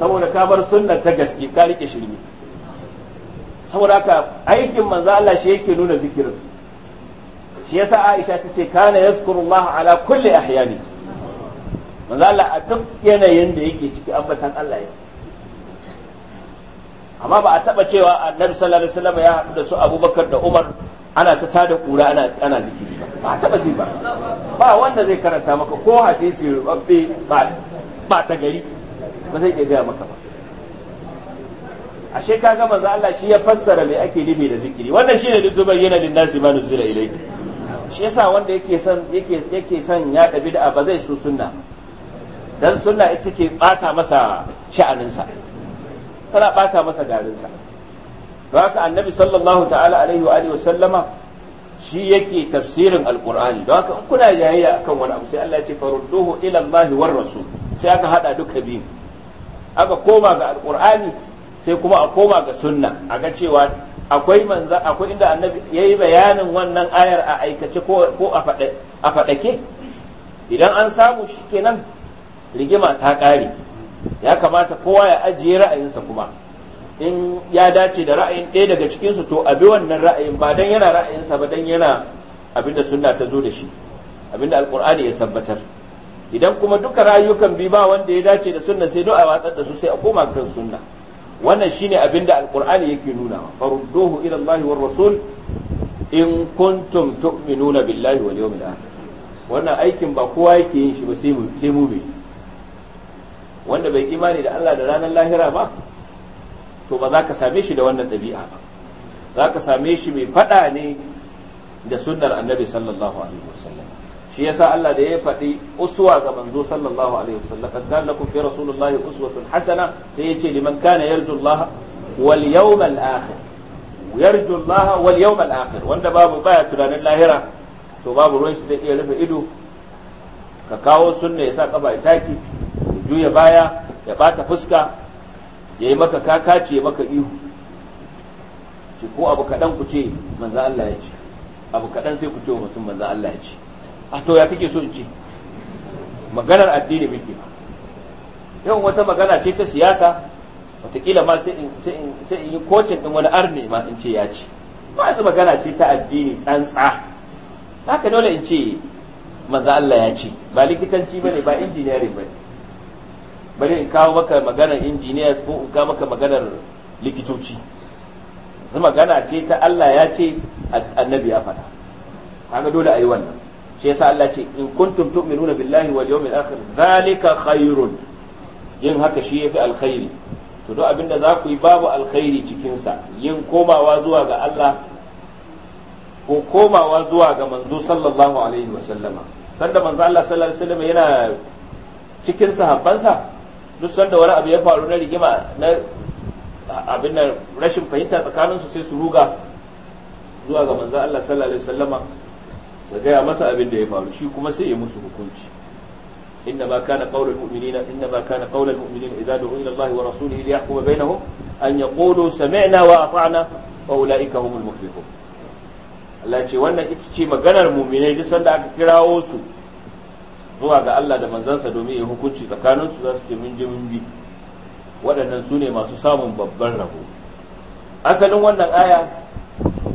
saboda ka bar sunnar ta gaske ka rike shirme saboda haka aikin manzo Allah shi yake nuna zikirin shi yasa Aisha ta ce kana yazkurullah ala kulli ahyani manzo Allah a duk yanayin da yake ciki ambatan Allah yake amma ba a taba cewa annabi sallallahu alaihi wasallam ya haɗu da su abubakar da umar ana ta tada kura ana ana zikiri ba ba taba ji ba ba wanda zai karanta maka ko hadisi rubabbe ba ba ta gari ba zai iya gaya maka ba ashe ga manzo Allah shi ya fassara me ake nufi da zikiri wannan shine da yana din nasi ma nuzila ilayhi shi yasa wanda yake son yake yake son ya dabi da ba zai so sunna dan sunna ita ce bata masa sha'aninsa sa tana bata masa garinsa don haka annabi sallallahu ta'ala alaihi wa alihi sallama shi yake tafsirin alqur'ani don haka in kuna jayayya akan wani abu sai Allah ya ce farudduhu ila Allah war rasul sai aka hada duka biyu aka koma ga alqur'ani sai kuma a koma ga sunna a ga cewa akwai manza akwai inda annabi yayi bayanin wannan ayar a aikace ko ko a fadake idan an samu shikenan rigima ta kare ya kamata kowa ya ajiye ra'ayinsa kuma in ya dace da ra'ayin ɗaya daga cikinsu to a bi wannan ra'ayin ba dan yana ra'ayinsa ba dan yana abinda sunna ta zo da shi abinda alkur'ani ya tabbatar idan kuma duka rayukan bi ba wanda ya dace da sunna sai a watsar da su sai a koma kan sunna wannan shine abinda alkur'ani yake nuna farudduhu ila Allah war rasul in kuntum tu'minuna billahi wal yawmil akhir wannan aikin ba kowa yake yin shi ba sai mu sai mu bi wanda bai imani da Allah da ranar lahira ba to ba za ka same shi da wannan ɗabi'a ba za ka same shi mai faɗa ne da sunnar annabi sallallahu alaihi wasallam shi yasa Allah da ya faɗi uswa ga manzo sallallahu alaihi wasallam kad kana lakum fi rasulillahi uswatun hasana sai yace liman kana yarju Allah wal yawmal akhir yarju Allah wal yawmal akhir wanda babu baya tunanin lahira to babu ruwan shi zai iya rufe ido ka kawo sunna ya sa kafa taki juya baya ya bata fuska ya yi maka kakaci ya maka ihu ki ko abu kaɗan ku ce manzan Allah ya ce abu kaɗan sai ku ce wa mutum manzan Allah ya ce a to ya kake so in ce maganar addini muke yau wata magana ce ta siyasa watakila ma sai in yi kocin ɗin wani arne ma in ce ya ce ba yanzu magana ce ta addini tsantsa haka dole in ce manzan Allah ya ce ba likitanci ba ne ba injiniyarin ba ne. bari in kawo maka maganar engineers ko in kawo maka maganar likitoci su magana ce ta Allah ya ce annabi ya faɗa haka dole a yi wannan shi yasa Allah ce in kuntum tu'minuna billahi wal yawmil akhir zalika khairun yin haka shi yafi alkhairi to duk abinda za ku yi babu alkhairi cikin sa yin komawa zuwa ga Allah ko komawa zuwa ga manzo sallallahu alaihi wasallama sanda manzo Allah sallallahu alaihi wasallama yana cikin sahabbansa duk sanda wani abu ya faru na rigima na abin nan rashin fahimta tsakanin su sai su ruga zuwa ga manzo Allah sallallahu alaihi wasallama su gaya masa abin da ya faru shi kuma sai ya musu hukunci inna ma kana qaulul mu'minina inna ma kana qaulul mu'minina idza du'u ila Allah wa rasulihi liyahkuma bainahum an yaqulu sami'na wa ata'na wa ulaika humul muflihun Allah ce wannan ita ce maganar mu'minai duk sanda aka kirawo su zuwa ga Allah da manzansa domin ya hukunci tsakaninsu za su ce mun je mun bi waɗannan su ne masu samun babban rabo asalin wannan aya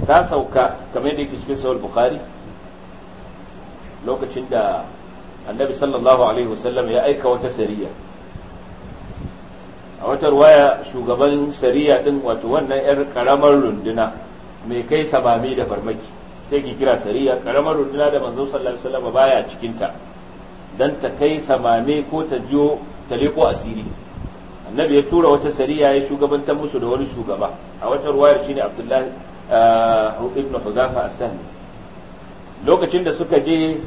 ta sauka kamar yadda yake cikin sahih bukhari lokacin da annabi sallallahu alaihi wasallam ya aika wata sariya a wata ruwaya shugaban sariya din wato wannan yar karamar runduna mai kai sabami da farmaki take kira sariya karamar runduna da manzo sallallahu alaihi wasallam baya cikin ta don ta kai samame ko ta jiyo ta leko asiri annabi ya tura wata sariya ya shugabantar musu da wani shugaba a wata ruwayar shine abdullahi uh, ibn huzafa as-sahmi lokacin da suka je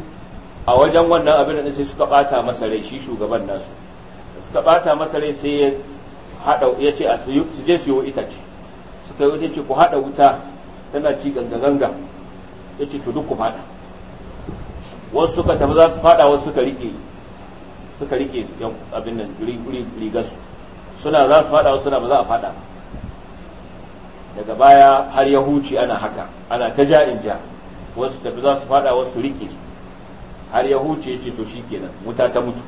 a wajen wannan abin da sai suka bata masa rai shi shugaban nasu suka bata masa rai sai ya hada ya ce su je su yi itace suka yi ce ku hada wuta tana ci ganga ganga ya ce to duk ku hada wasu suka tafi za su fada wasu suka rike suka rike abin nan rigarsu suna za su fada wasu na ba za a fada daga baya har ya huce ana haka ana ta ja in ja wasu tafi za su fada wasu rike su har ya huce ce to shi kenan wuta ta mutu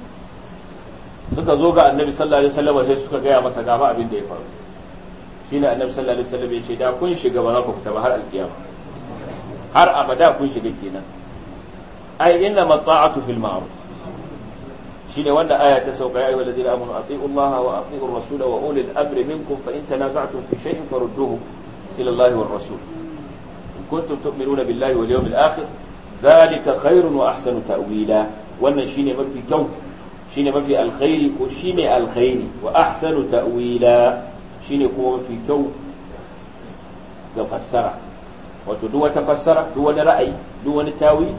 suka zo ga annabi sallallahu alaihi wasallam sai suka gaya masa ba abin da ya faru shine annabi sallallahu alaihi wasallam ya ce da kun shiga ba za ku fita ba har alkiyama har abada kun shiga kenan أي إنما الطاعة في المعروف شيل وانا آية سوق يا أيها الذين آمنوا أطيعوا الله وأطيعوا الرسول وأولي الأمر منكم فإن تنازعتم في شيء فردوه إلى الله والرسول إن كنتم تؤمنون بالله واليوم الآخر ذلك خير وأحسن تأويلا وأن شيل ما في كون شيل ما في الخير وشيل الخير وأحسن تأويلا شيل قوة في كون لو فسرة وتدوى تفسرة دوى رأي دوى تأويل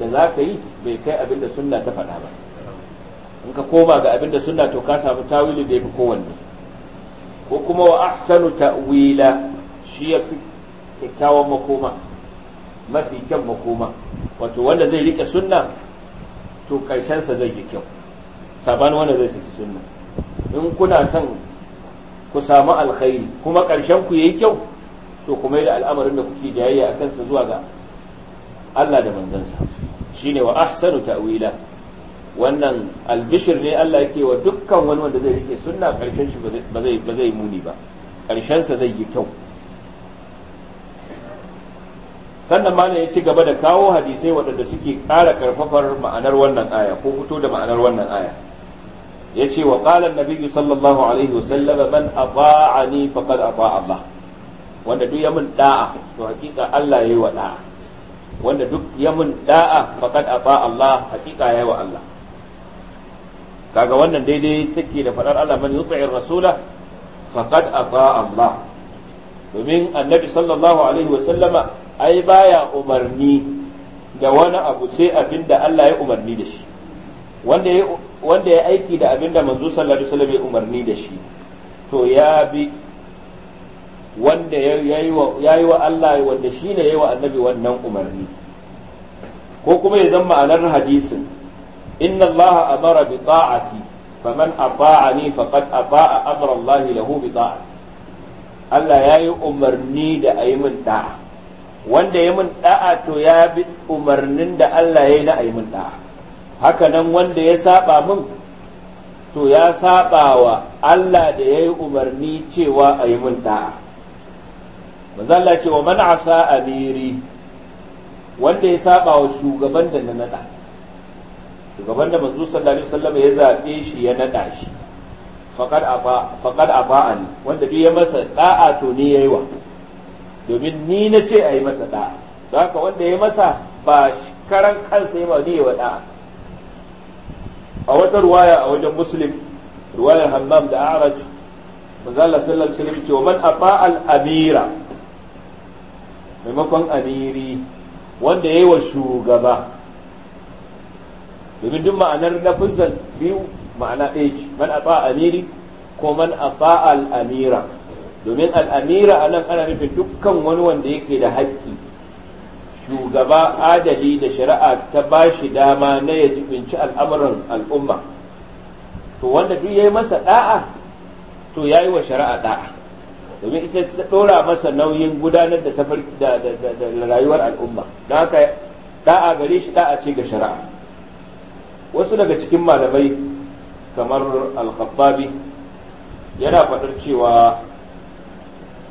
da za ka yi bai kai abin da sunna ta faɗa ba in ka koma ga abin da sunna to ka samu tawili da ya fi kowanne ko kuma wa ahsanu ta'wila shi ya fi kyakkyawan makoma mafi kyan makoma wato wanda zai rike sunna to karshensa zai yi kyau sabanin wanda zai saki sunna in kuna son ku samu alkhairi kuma karshen ku yi kyau to kuma yi da al'amarin da kuke jayayya a kansa zuwa ga Allah da manzansa shine wa ahsanu ta'wila wannan albishir ne Allah yake wa dukkan wani wanda zai rike sunna karshen shi ba zai ba zai muni ba karshen sa zai yi kyau sannan malam ya ci gaba da kawo hadisai waɗanda suke ƙara ƙarfafar ma'anar wannan aya ko fito da ma'anar wannan aya ya ce wa ƙala nabiyyu sallallahu alaihi wa sallama man ata'ani faqad ata'a Allah wanda duk ya min da'a to hakika Allah yi wa da'a wanda duk ya mun da'a faqad ata Allah hakika yayi wa Allah kaga wannan daidai take da fadar Allah man yuti'ir rasula faqad ata Allah domin annabi sallallahu alaihi wa sallama ai baya umarni da wani abu sai abinda Allah ya umarni da shi wanda ya wanda ya aiki da abinda manzo sallallahu alaihi wa sallam ya umarni da shi to ya bi wanda ya yi wa Allah wanda shi ne ya yi wa annabi wannan umarni ko kuma ya zama ma'anar hadisin inna Allah amara bi ta'ati faman ata'ani faqad ata'a amra Allah lahu bi ta'ati Allah ya yi umarni da ayi yi min da'a wanda ya min da'a to ya bi umarnin da Allah ya yi na ayi yi min da'a haka nan wanda ya saba min to ya saba wa Allah da ya yi umarni cewa ayi yi min da'a manzo Allah ce wa man asa amiri wanda ya saba wa shugaban da na nada shugaban da manzo sallallahu alaihi wasallam ya zabe shi ya nada shi faqad aba faqad aba'ani wanda duk ya masa da'a to ni yayi wa domin ni na ce ayi masa da'a don haka wanda ya masa ba karan kansa ya ba ni ya wa da'a a wata ruwaya a wajen muslim ruwayar hammam da araj manzo Allah sallallahu alaihi wasallam ce wa man aba al-amira maimakon amiri wanda ya yi wa shugaba domin duk ma'anar lafizan biyu ma'ana ɗaya man a amiri ko man a al'amira domin al'amira a nan ana nufin dukkan wani wanda yake da haƙƙi shugaba adali da shari'a ta ba shi dama na ya jibinci al'amuran al'umma to wanda duk ya yi masa da'a to ya yi wa shari'a da'a domin ita ta dora masa nauyin gudanar da da rayuwar al'umma da haka da'a gare shi da'a ce ga shari'a wasu daga cikin malamai kamar al yana faɗar cewa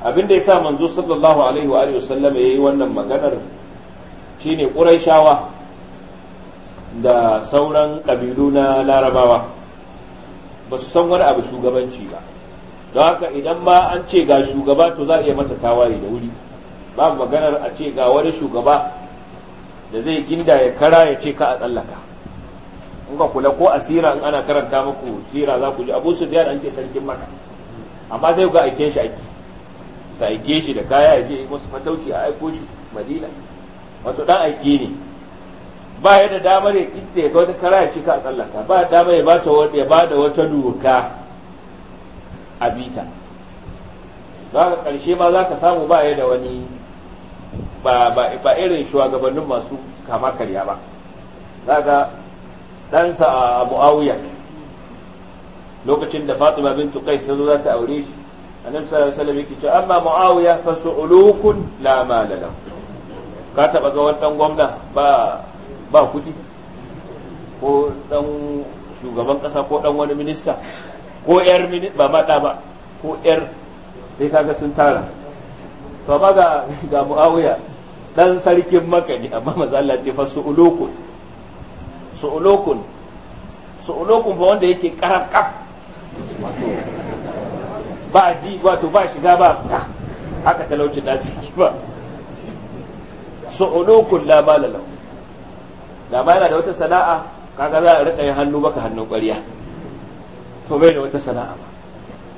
abin da ya sa manzo sallallahu alaihi wa sallam ya yi wannan maganar shine ƙuraishawa da sauran ƙabilu na larabawa ba su san wani abu shugabanci ba don haka idan ma an ce ga shugaba to za a iya masa tawaye da wuri ba maganar a ce ga wani shugaba da zai ginda ya kara ya ce ka a tsallaka in ka kula ko asira in ana karanta muku sira za ku ji abu su biyar an ce sarkin maka amma sai ku ga aike shi aiki sa aike shi da kaya ya je masu fatauci a aiko shi madina wato dan aiki ne ba ya da damar ya kinta ya ga wata kara ya ce ka a tsallaka ba damar ya ba ya ba da wata doka a bita za ka ƙarshe ma za ka samu ba ya da wani ba irin shugabannin masu kama karya ba za ka ɗansa a mu'awiyar lokacin da fatima bin tukai ta zo za ta aure shi annabi sallallahu alaihi wasallam yake amma mu'awiya fa su'ulukun la mala lahu ka taba ga wannan gwamna ba ba kudi ko dan shugaban kasa ko dan wani minista ko yar mini ba mata ba ko yar sai kaga sun tara to ba ga ga muawiya dan sarkin makka ne amma manzo Allah ya ce fa su'ulukun su'ulukun su'ulukun ba wanda yake karab kaf ba di wato ba shiga ba ta haka talaucin da ciki ba su'ulukun la balalau da ba da wata sana'a kaga za a rika yin hannu baka hannun ƙwarya to bai da wata sana'a ba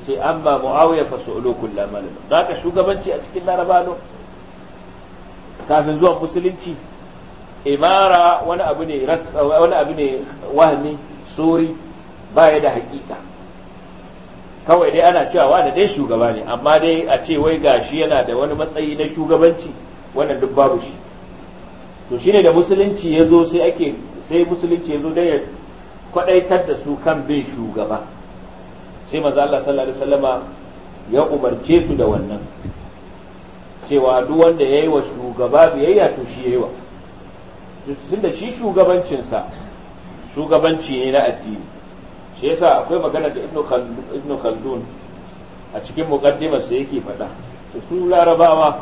ce amma muawiya fa ulu kullu malal da ka shugabanci a cikin laraba kafin zuwan musulunci imara wani abu ne wani abu ne wahmi suri baya da hakika kawai dai ana cewa wani dai shugaba ne amma dai a ce wai gashi yana da wani matsayi na shugabanci wannan duk babu shi to shine da musulunci ya zo sai ake sai musulunci ya zo dai ya kwadaitar da su kan bin shugaba sai maza Allah sallallahu alaihi wasallama ya umarce su da wannan cewa duk wanda ya yi wa shugaba biyayya to shi yayi wa tunda shi shugabancinsa shugabanci ne na addini shi yasa akwai magana da ibnu khaldun a cikin sa yake faɗa su larabawa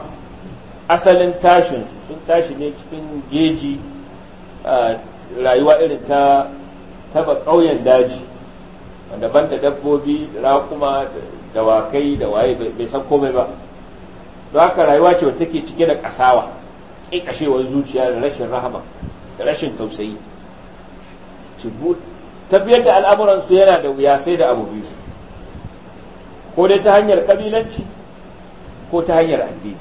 asalin tashin sun tashi ne cikin geji rayuwa irin ta taba ƙauyen daji wanda ban da dabbobi raƙuma da wakai da waye bai san komai ba don haka rayuwa ce wata ke cike da ƙasawa ƙiƙashewar zuciya da rashin rahama da rashin tausayi tafiyar da al'amuransu yana da wuya sai da abu biyu ko dai ta hanyar kabilanci ko ta hanyar addini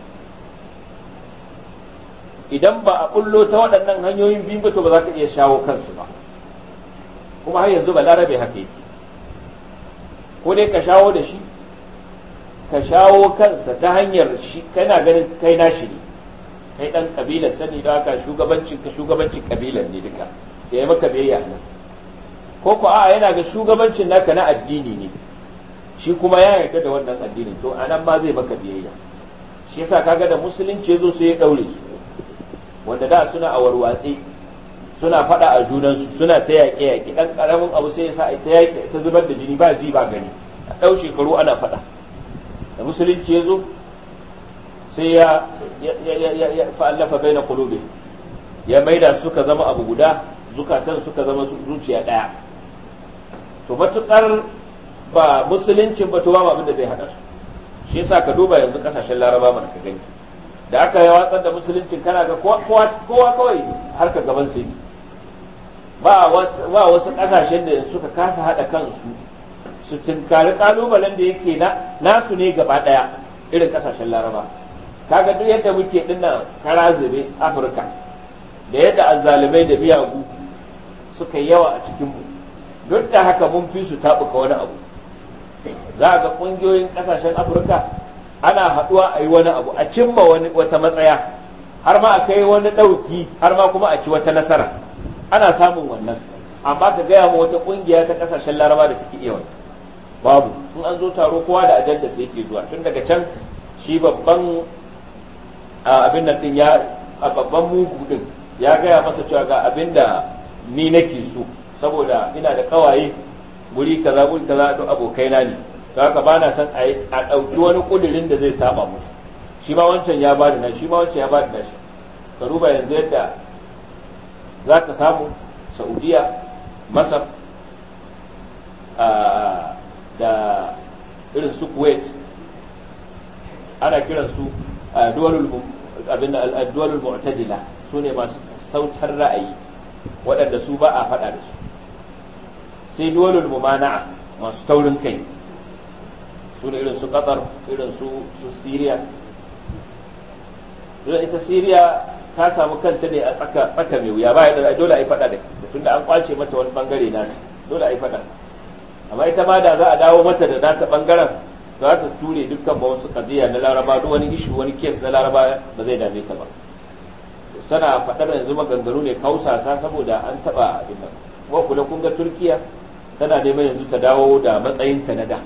idan ba a ƙullo ta waɗannan hanyoyin biyu ba to ba za ka iya shawo kansu ba kuma har yanzu ba larabe haka yake ko dai ka shawo da shi ka shawo kansa ta hanyar shi kana ganin kai nashi ne kai dan kabilar sani da haka shugabancin ka shugabancin kabilar ne duka da ya maka biyayya nan ko ko a'a yana ga shugabancin naka na addini ne shi kuma ya yarda da wannan addinin to anan ma zai maka biyayya shi yasa kaga da musulunci yazo sai ya daure su wanda da suna a warwatse suna faɗa a junansu suna ta yaƙe yaƙe ɗan ƙaramin abu sai ya sa ta yaƙe ta zubar da jini ba ji ba gani a ɗau shekaru ana faɗa da musulunci ya zo sai ya fa'allafa bai na kulube ya maida suka zama abu guda zukatan suka zama zuciya ɗaya to matuƙar ba musuluncin ba to ba abin da zai haɗa su shi yasa ka duba yanzu ƙasashen laraba mana ka gani da aka yi watsar da musuluncin kana ga kowa kawai harka gaban sai ba wasu kasashen da suka kasa haɗa kansu su tunkari ƙalubalen da yake nasu ne gaba ɗaya irin kasashen laraba kaga duk yadda muke dinnan kara zube afirka da yadda azzalumai da biyagu suka yawa a cikinmu duk da haka mun fi su taɓuka wani abu za ga ƙungiyoyin kasashen afirka ana haɗuwa a yi wani abu a cimma wani wata matsaya har ma a kai wani ɗauki har ma kuma a ci wata nasara ana samun wannan amma ka gaya ma wata kungiya ta kasashen laraba da suke iya wannan babu in an zo taro kowa da ajandar sai yake zuwa tun daga can shi babban abin nan din ya a babban mugu din ya gaya masa cewa ga abin da ni nake so saboda ina da kawaye guri kaza guri kaza to abokaina ne to haka ba na son a ɗauki wani kudirin da zai saba musu shi ma wancan ya ba da shi ma wancan ya bada shi ka duba yanzu yadda za ka samu saudiya masar da irin su kuwait ana kiransu duwalul mu'tadila su ne masu sautar ra'ayi waɗanda su ba a faɗa da su sai duwalul mumana'a masu taurin kai su ne irin su qatar irin su siriya ita siriya ta samu kanta ne a tsaka tsaka mai wuya ba da dole a yi fada da tunda an kwace mata wani bangare na dole a yi fada amma ita ma da za a dawo mata da nata bangaren za ta ture dukkan ba wasu kadiya na laraba duk wani ishu wani kes na laraba ba zai dame ta ba tana faɗar yanzu maganganu ne kausasa saboda an taba abin nan kuma kula kun ga turkiya tana neman yanzu ta dawo da matsayinta na da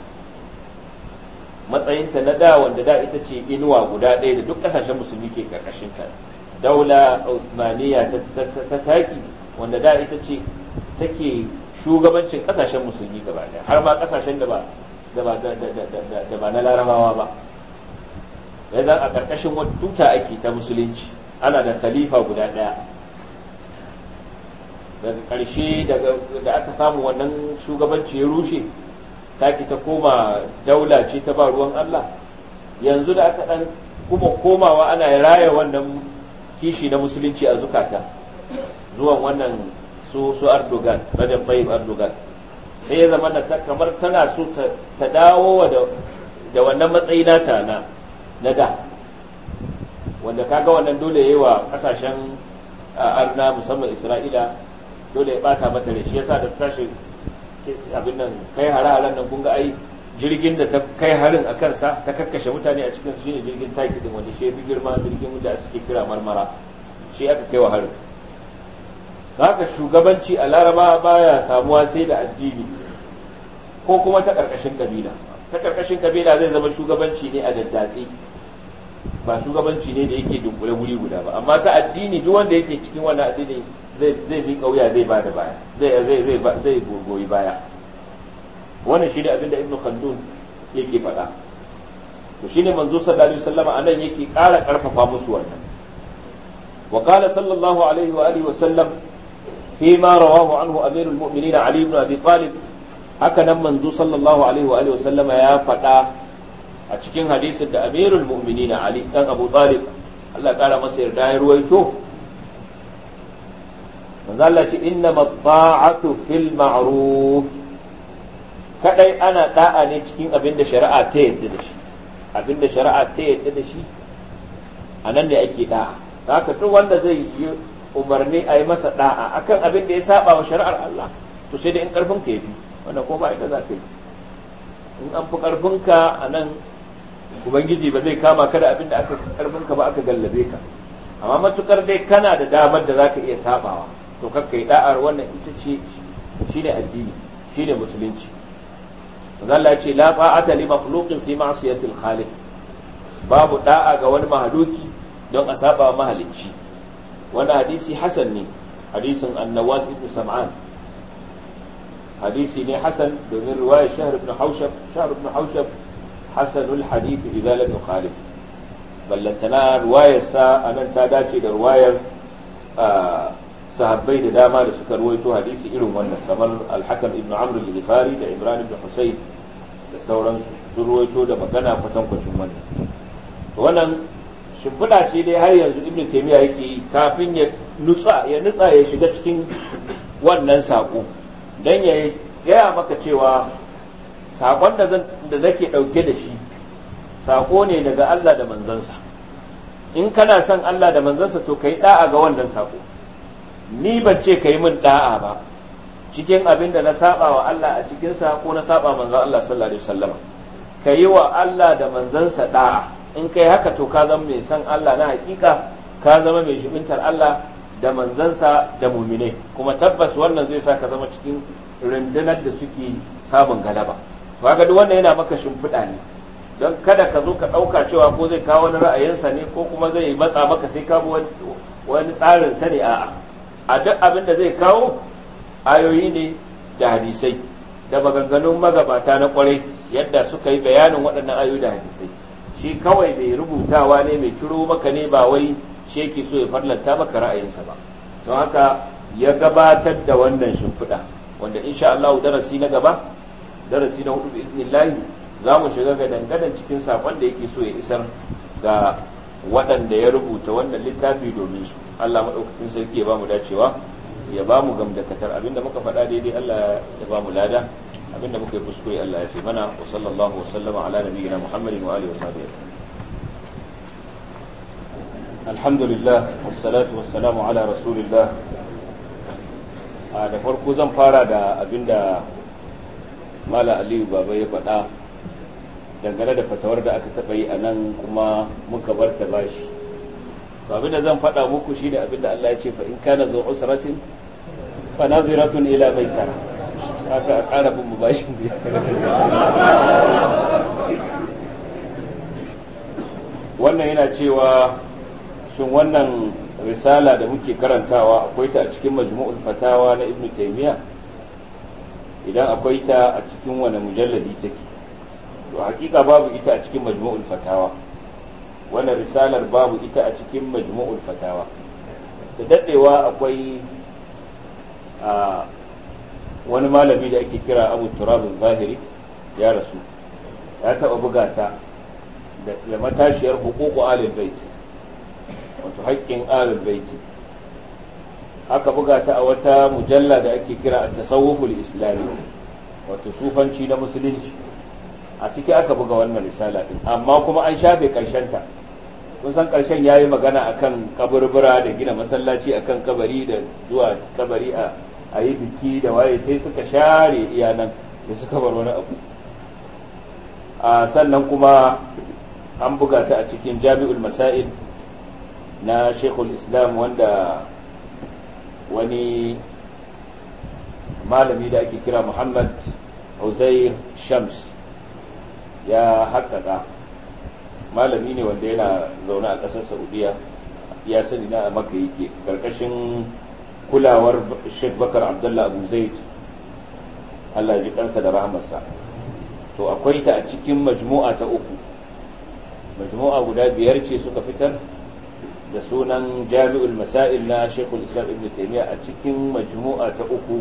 matsayinta na da wanda da ita ce inuwa guda ɗaya da duk ƙasashen musulmi ke ƙarƙashin ta daula Uthmaniya ta taki wanda da ita ce take shugabancin kasashen musulmi gaba daya har ma kasashen da ba da ba da ba na larabawa ba yanzu a karkashin wata tuta ake ta musulunci ana da khalifa guda ɗaya. daga karshe da aka samu wannan shugabanci ya rushe taki ta koma daula ce ta ba ruwan Allah yanzu da aka dan kuma komawa ana raya wannan kishi na musulunci a zukata zuwan wannan su su Erdogan Rajab Tayyip Erdogan sai ya zama ta kamar tana so ta dawo da wannan matsayi nata na na da wanda kaga wannan dole yayi wa kasashen arna musamman Isra'ila dole ya bata mata rai shi yasa da tashi abin nan kai hare-haren nan kun ga ai jirgin da ta kai harin a kansa ta kakkashe mutane a cikin shine jirgin taki din wanda shi fi girma jirgin da suke kira marmara shi aka kai wa harin haka shugabanci a laraba baya samuwa sai da addini ko kuma ta karkashin kabila ta karkashin kabila zai zama shugabanci ne a daddatsi ba shugabanci ne da yake dunkule guri guda ba amma ta addini duk wanda yake cikin wannan addini zai bi kauya zai ba da baya zai zai zai goyi baya wannan shi ne abin da ibnu khaldun yake faɗa to shi shine manzo sallallahu alaihi wasallam anan yake ƙara ƙarfafa musu wannan wa qala sallallahu alaihi wa alihi wasallam fi ma rawahu anhu amirul mu'minin ali ibn abi talib haka nan manzo sallallahu alaihi wa alihi wasallam ya faɗa a cikin hadisin da amirul mu'minin ali dan abu talib Allah ƙara masa yarda ya ruwaito manzo Allah ce inna ta'atu fil ma'ruf kadai ana da'a ne cikin abin da shari'a ta yadda da shi abin da shari'a ta yadda da shi a nan ne ake da'a haka duk wanda zai yi umarni a yi masa da'a akan abin da ya saba wa shari'ar Allah to sai da in karfin ka yafi wannan ko ba ita za ka yi in an fi karfin ka a nan ubangiji ba zai kama ka da abin da aka karfin ka ba aka gallabe ka amma matukar dai kana da damar da za ka iya sabawa to kakka yi da'ar wannan ita ce shi ne addini ne musulunci Allah ce la ta'ata li makhluqin fi ma'siyati khaliq babu da'a ga wani mahaluki don a saba mahalicci wani hadisi hasan ne hadisin annawas ibn sam'an hadisi ne hasan domin riwaya shahr ibn haushab shahr ibn haushab hasanul hadith idan lam yukhalif ballantana riwayar sa anan ta dace da riwayar sahabbai da dama da suka ruwaito hadisi irin wannan kamar al-hakam ibn amr al-ghifari da ibrahim ibn husayn sauransu sun ruwaito da magana kwatankwacin wannan wannan shimfiɗa ce dai har yanzu ibn taimiyya yake kafin ya nutsa ya nutsa ya shiga cikin wannan sako don ya gaya maka cewa saƙon da da nake ɗauke da shi sako ne daga Allah da manzansa in kana son Allah da manzansa to ka yi ɗa'a ga wannan sako ni ban ce ka yi min ɗa'a ba cikin abin da na saba wa Allah a cikinsa ko na saba manzon Allah sallallahu alaihi wasallam ka yi wa Allah da manzansa da'a in kai haka to ka zama mai san Allah na hakika ka zama mai jibintar Allah da manzansa da mumine kuma tabbas wannan zai sa ka zama cikin rundunar da suke samun galaba to duk wannan yana maka shimfiɗa ne don kada ka zo ka ɗauka cewa ko zai kawo wani ra'ayinsa ne ko kuma zai matsa maka sai ka wani tsarin sani a'a a duk abin da zai kawo ayoyi ne da hadisai da maganganun magabata na kwarai yadda suka yi bayanin waɗannan ayoyi da hadisai shi kawai mai rubutawa ne mai ciro maka ne ba wai shi yake so ya farlanta maka ra'ayinsa ba don haka ya gabatar da wannan shimfiɗa wanda insha Allah darasi na gaba darasi na hudu bi za mu shiga ga dangadan cikin sakon da yake so ya isar ga waɗanda ya rubuta wannan littafi domin su Allah maɗaukakin sarki ya ba mu dacewa ya ba mu gamdakatar abinda muka faɗa daidai Allah ya ba mu lada abinda muka yi kuskure Allah ya fi mana wa sallallahu wa sallama ala nabiyyina Muhammadin wa alihi wa sahbihi الحمد لله والصلاة ala rasulillah. رسول الله da farko zan fara da abinda mala aliyu baba ya faɗa dangane da fatawar da aka taɓa yi a nan kuma muka bar ta bashi abinda zan faɗa muku shi da abinda Allah ya ce fa in kana zo usratin fa naziratun ila maisara haka ƙara bin mu bashi wannan yana cewa shin wannan risala da muke karantawa akwai ta a cikin majmu'ul fatawa na ibnu taymiya idan akwai ta a cikin wani mujalladi take to hakika babu ita a cikin majmu'ul fatawa wannan risalar babu ita a cikin majmu'ul fatawa da dadewa akwai wani malami da ake kira abu turabin zahiri ya rasu ya taba buga ta da matashiyar hukuku alin baiti wato haƙƙin alin baiti aka buga a wata mujalla da ake kira a tasawuful islami wato sufanci na musulunci a ciki aka buga wannan risala din amma kuma an shafe ta kun san ƙarshen ya yi magana akan kaburbura da gina masallaci akan kabari da zuwa kabari a a yi biki da waye sai suka share iyanan da suka bar wani abu a sannan kuma an buga ta a cikin jami'ul masail na shekul islam wanda wani malami da ake kira muhammad uzair shams ya haƙaƙa malami ne wanda yana zaune a ƙasar saudiya ya sani na a maka yake ƙarƙashin kulawar sheikh bakar abdullah abu zaid allah ji kansa da rahamarsa to akwai ta a cikin majmu'a ta uku majmu'a guda biyar ce suka fitar da sunan jami'ul masail na shekul islam ibn taymiya a cikin majmu'a ta uku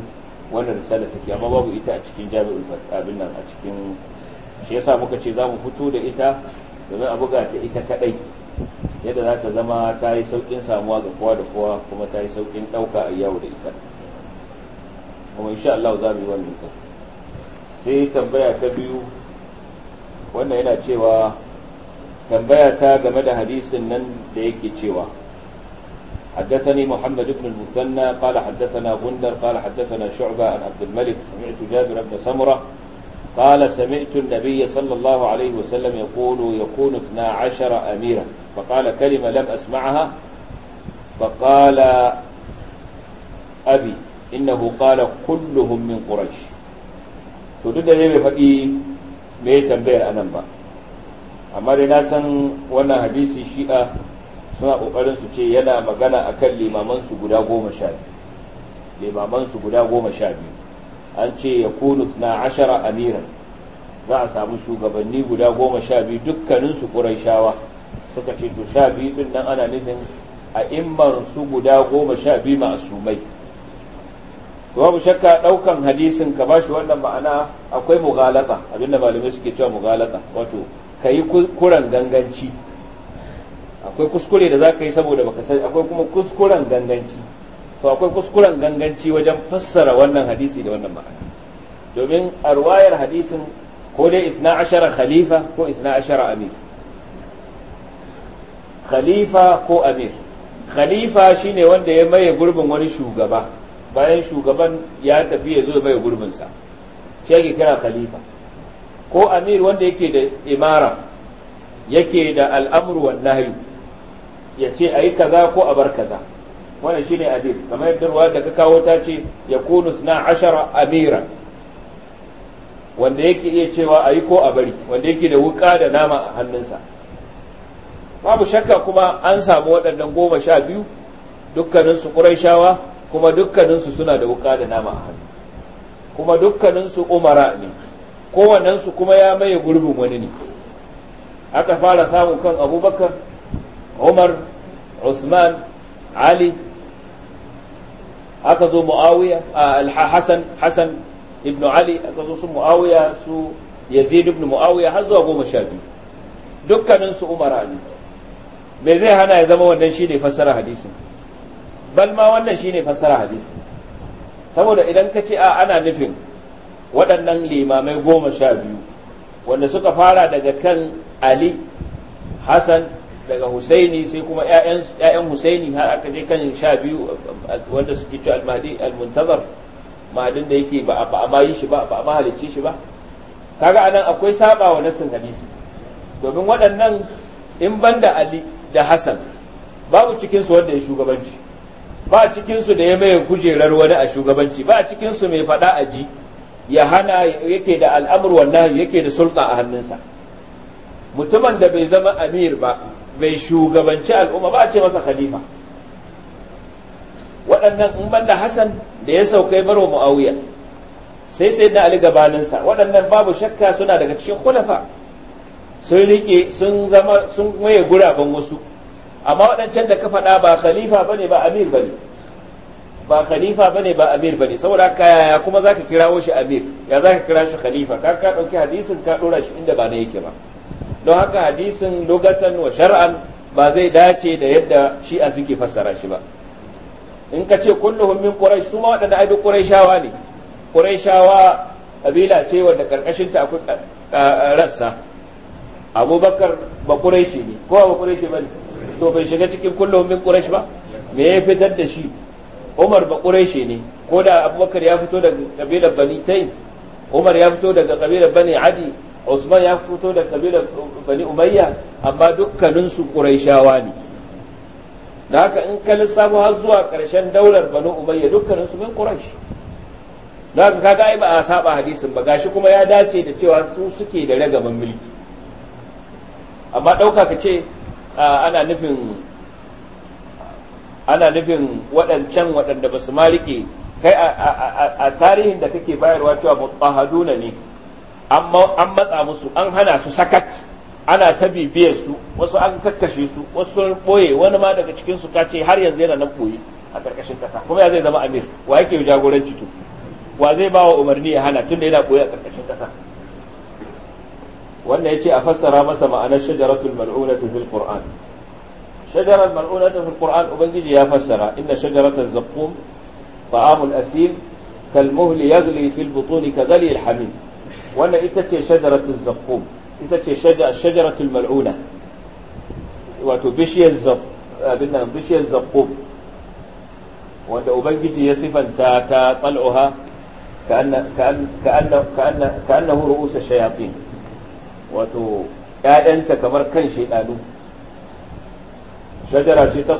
wannan risala take amma babu ita a cikin jami'ul abin nan a cikin shi yasa muka ce za mu fito da ita domin a buga ta ita kadai yadda za ta zama ta yi sauƙin samuwa ga kowa da kowa kuma ta yi sauƙin ɗauka a yau da ita kuma insha Allah za mu yi wannan ɗin sai tambaya ta biyu wannan yana cewa tambaya ta game da hadisin nan da yake cewa حدثني محمد بن المثنى قال حدثنا بندر قال حدثنا شعبة عن عبد الملك سمعت جابر بن سمرة قال سمعت النبي صلى الله عليه وسلم يقول يكون اثنا عشر أميرا فقال كلمة لم أسمعها فقال أبي إنه قال كلهم من قريش تدد لي بفقي مي تنبيه أنا با أما لناسا وانا حديثي شيئا suna kokarin su ce yana magana a kan limamansu guda goma sha biyu limaman guda goma sha biyu an ce ya kunu ashara amiran za a samu shugabanni guda goma sha biyu dukkaninsu ƙuraishawa shawa suka ce to sha biyu din nan ana nufin a immar su guda goma sha biyu ma'asumai babu shakka daukan hadisin ka bashi wannan ma'ana akwai mughalata abinda malamai suke cewa mughalata wato kayi kuran ganganci akwai kuskure da za ka yi saboda baka sani akwai kuma kuskuren ganganci to akwai kuskuren ganganci wajen fassara wannan hadisi da wannan ma'ana domin arwayar hadisin ko dai isna ashara khalifa ko isna ashara amir khalifa ko amir khalifa shine wanda ya maye gurbin wani shugaba bayan shugaban ya tafi ya zo maye gurbinsa shi yake kira khalifa ko amir wanda yake da imara yake da al'amru wan nahyu ya ce ayi kaza ko a bar kaza wannan shine amir kamar yadda ruwa da ka kawo ta ce ya kunu na ashara amira wanda yake iya cewa ayi ko a bari wanda yake da wuka da nama a hannunsa babu shakka kuma an samu waɗannan goma sha biyu dukkaninsu ƙuraishawa kuma dukkaninsu suna da wuka da nama a hannu kuma dukkaninsu umara ne kowannensu kuma ya maye gurbin wani ne aka fara samun kan abubakar umar usman ali aka zo muawiya hasan hasan ibn ali aka zo su muawiya su yazid ibn muawiya har zuwa goma sha biyu dukkaninsu umara ne me zai hana ya zama wannan shine fassara hadisin bal ma wannan shine fassara hadisin saboda idan ka ce a ana nufin waɗannan limamai goma sha biyu wanda suka fara daga kan ali hassan daga husaini sai kuma 'ya'yan husaini har aka je kan sha biyu wanda suke ci almahdi almuntazar mahadin da yake ba a ma yi shi ba ba a ma halicce shi ba kaga anan akwai saba wa nassin hadisi domin waɗannan in banda ali da Hassan babu cikin su wanda ya shugabanci ba cikin su da ya maye kujerar wani a shugabanci ba cikin su mai fada a ji ya hana yake da al'amur wallahi yake da sulta a hannunsa mutumin da bai zama amir ba bai shugabanci al'umma ba a ce masa khalifa waɗannan in banda Hassan da ya saukai barwa Muawiya sai sai na Ali gabaninsa waɗannan babu shakka suna daga cikin khulafa sun rike sun zama sun maye guraben wasu amma waɗancan da ka faɗa ba khalifa bane ba amir bane ba khalifa bane ba amir bane saboda haka yaya kuma zaka kirawo shi amir ya zaka kira shi khalifa ka ka dauki hadisin ka dora shi inda ba na yake ba don haka hadisin lugatan wa shar'an ba zai dace da yadda shi a suke fassara shi ba in ka ce kulluhum min quraish su ma waɗanda abin quraishawa ne quraishawa kabila ce wanda karkashin ta akwai rassa abubakar ba quraishi ne ko ba quraishi bane to bai shiga cikin kullum min quraish ba me ya fitar da shi umar ba quraishi ne ko da abubakar ya fito daga kabilar bani tayyib umar ya fito daga kabilar bani adi usman ya fito daga kabilar bani umayya amma dukkaninsu quraishawa ne da haka in ka lissafo har zuwa karshen daular bani umayya dukkaninsu min quraish da haka kaga ai ba a saba hadisin ba gashi kuma ya dace da cewa su suke da ragaban mulki amma ɗauka ka ce ana nufin ana nufin waɗancan waɗanda ba su kai a tarihin da kake bayarwa cewa mutahaduna ne an matsa musu an hana su sakat ana ta bibiyar su wasu an kakkashe su wasu sun ɓoye wani ma daga cikin su ce har yanzu yana nan koyi a ƙarƙashin ƙasa kuma ya zai zama amir wa yake jagoranci to wa zai ba wa umarni ya hana tunda yana ɓoye a ƙarƙashin ƙasa. wanda yace a fassara masa ma'anar shajaratul mal'unatu fil qur'an shajarar mal'unatu fil qur'an ubangiji ya fassara inna shajaratal zaqqum ta'amul asim kal muhli yaghli fil butuni ka ghali al hamim wanda ita ce shajaratul zaqqum ita ce shajaratul mal'una wato bishiyar abin nan bishiyar zaqqum wanda ubangiji ya sifanta ta tsal'uha ka annahu ru'usa shayatin wato ‘ya'yanta kamar kan shaiɗanu shajara ce ta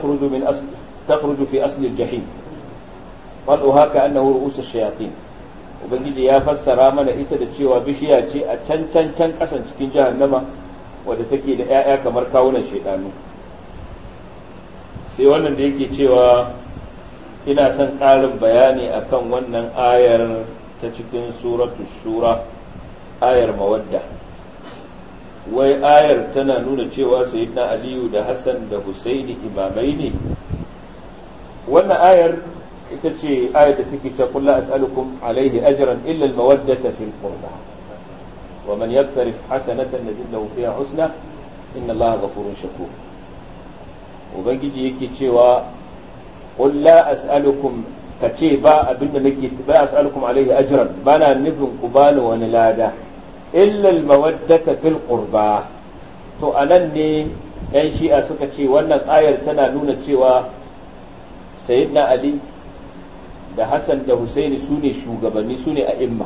furudu fi asilin jahim ɓal'u haka annahu ru'usa shayatin ubangiji ya fassara mana ita da cewa bishiya ce a can can can ƙasan cikin jahannama wadda take da ‘ya'ya kamar kawunan shaiɗanu. sai wannan da yake cewa ina son ƙarin bayani akan wannan ayar ta cikin suratu shura ayar mawadda wai ayar tana nuna cewa sayyidina aliyu da hassan da husaini imamai ne wannan ayar ita ce ayar da take ta kullu as'alukum alaihi ajran illa almawaddata fil qurba wa man yaqtarif hasanatan nazid lahu fiha husna inna allaha ghafurun shakur ubangiji yake cewa qul la as'alukum kace ba abinda nake ba as'alukum alaihi ajran bana nufin ku bani wani lada illal mawaddata fil qurba to anan ne yan shi'a suka ce wannan ayar tana nuna cewa sayyidina ali da hasan da husaini su ne shugabanni su ne a'imma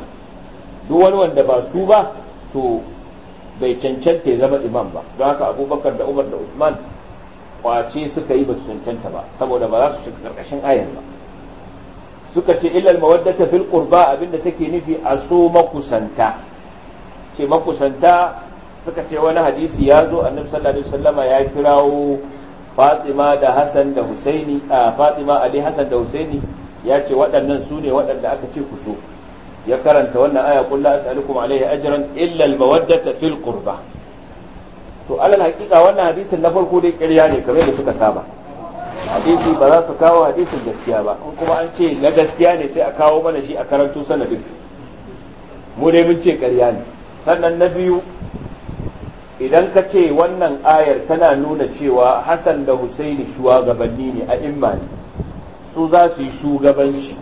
duk wani wanda ba su ba to bai cancanta ya zama imam ba don haka abubakar da umar da usman kwace suka yi ba su cancanta ba saboda ba za su shiga karkashin ayar ba suka ce illal mawaddata fil qurba abinda take nufi a so makusanta ce makusanta suka ce wani hadisi ya zo annabi sallallahu alaihi wasallama ya kirawo fatima da hasan da husaini a fatima ali hasan da husaini ya ce waɗannan su ne waɗanda aka ce ku so ya karanta wannan aya qul la as'alukum alaihi ajran illa al mawaddata fil qurba to alal haqiqa wannan hadisin na farko dai ƙarya ne kamar da suka saba hadisi ba za su kawo hadisin gaskiya ba in kuma an ce na gaskiya ne sai a kawo mana shi a karanto sanadin mu ne mun ce ƙarya ne sannan na biyu idan ka ce wannan ayar tana nuna cewa hassan da husaini shugabanni ne a imma su za su yi shugabanci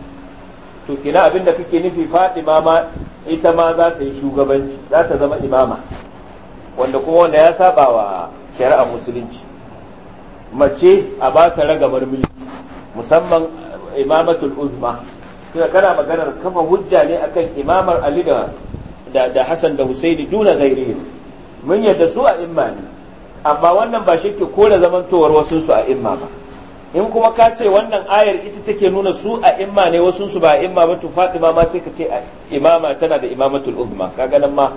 to kina abinda kake nufi faɗi ma ita ma za ta yi shugabanci za ta zama imama wanda kuma wanda ya saba wa shari'a musulunci mace a ba ta ragamar mulki musamman imamatul uzma kana maganar kafa hujja ne akan imamar ali da da da Hassan da Husaini duna ghairihi mun yadda su a imma ne amma wannan ba shi ke kore zamantowar wasu su a imma ba in kuma ka ce wannan ayar ita take nuna su a imma ne wasu su ba a imma ba to Fatima ma sai ka ce imama tana da imamatul uzma ka ganin ma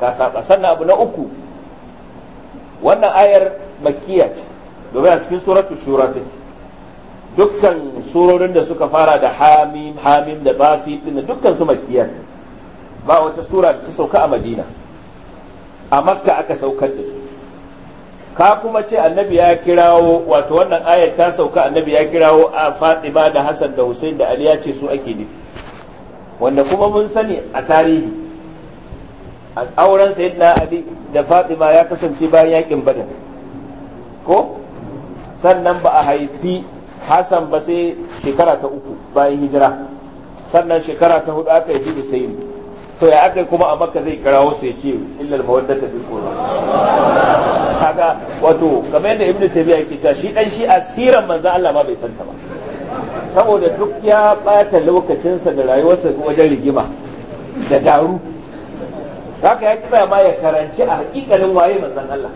ka saba sannan abu na uku wannan ayar makkiya ce domin a cikin suratu shura take dukkan surorin da suka fara da hamim hamim da basi din dukkan su makkiya ne ba wata sura da ta sauka a madina a makka aka saukar da su ka kuma ce annabi ya kirawo wato wannan ayar ta sauka annabi ya kirawo a fatima da hassan da hussein da ali ya ce su ake nufi wanda kuma mun sani a tarihi a auren sayyidina ali da fatima ya kasance bayan yakin badar ko sannan ba a haifi hassan ba sai shekara ta uku bayan hijira sannan shekara ta hudu aka yi hussein to ya aka kuma a makka zai kira su ya ce illal ta fi tsoro kaga wato kamar yadda ibnu tabiya yake ta shi dan shi asiran manzo Allah ma bai san ba saboda duk ya bata lokacinsa da rayuwarsa wajen rigima da daru haka ya kira ma ya karanci a hakikalin waye manzon Allah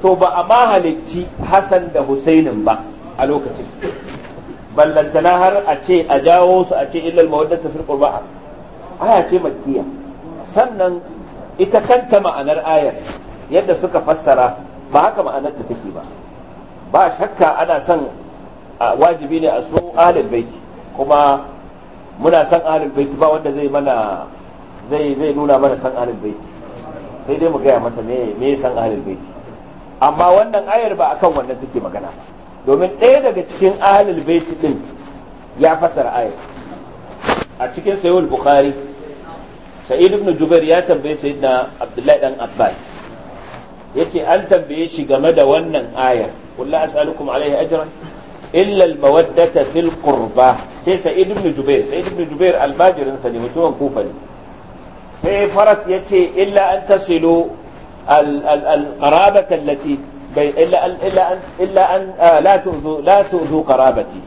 to ba a ma Hassan da Husainin ba a lokacin ballantana har a ce a jawo su a ce illal mawaddata fil qurba aya ce makkiya sannan ita kanta ma'anar ayar yadda suka fassara ba haka ma'anar ta take ba ba shakka ana son wajibi ne a so alil baiti kuma muna son alil baiti ba wanda zai mana zai zai nuna mana son alil baiti sai dai mu gaya masa me me son alil baiti amma wannan ayar ba akan wannan take magana ba domin ɗaya daga cikin alil baiti din ya fassara ayar a cikin sayyid bukhari sa'id ibn jubair ya tambaye sayyidina abdullahi dan abbas yace an tambaye shi game da wannan ayar kullu as'alukum alaihi ajran illa al mawaddata fil qurba sai sa'id ibn jubair sa'id ibn jubair ne mutumin kufa ne sai farat yace illa an tasilu al al qarabata allati bai illa illa an illa an ah, la tu'zu la tu'zu qarabati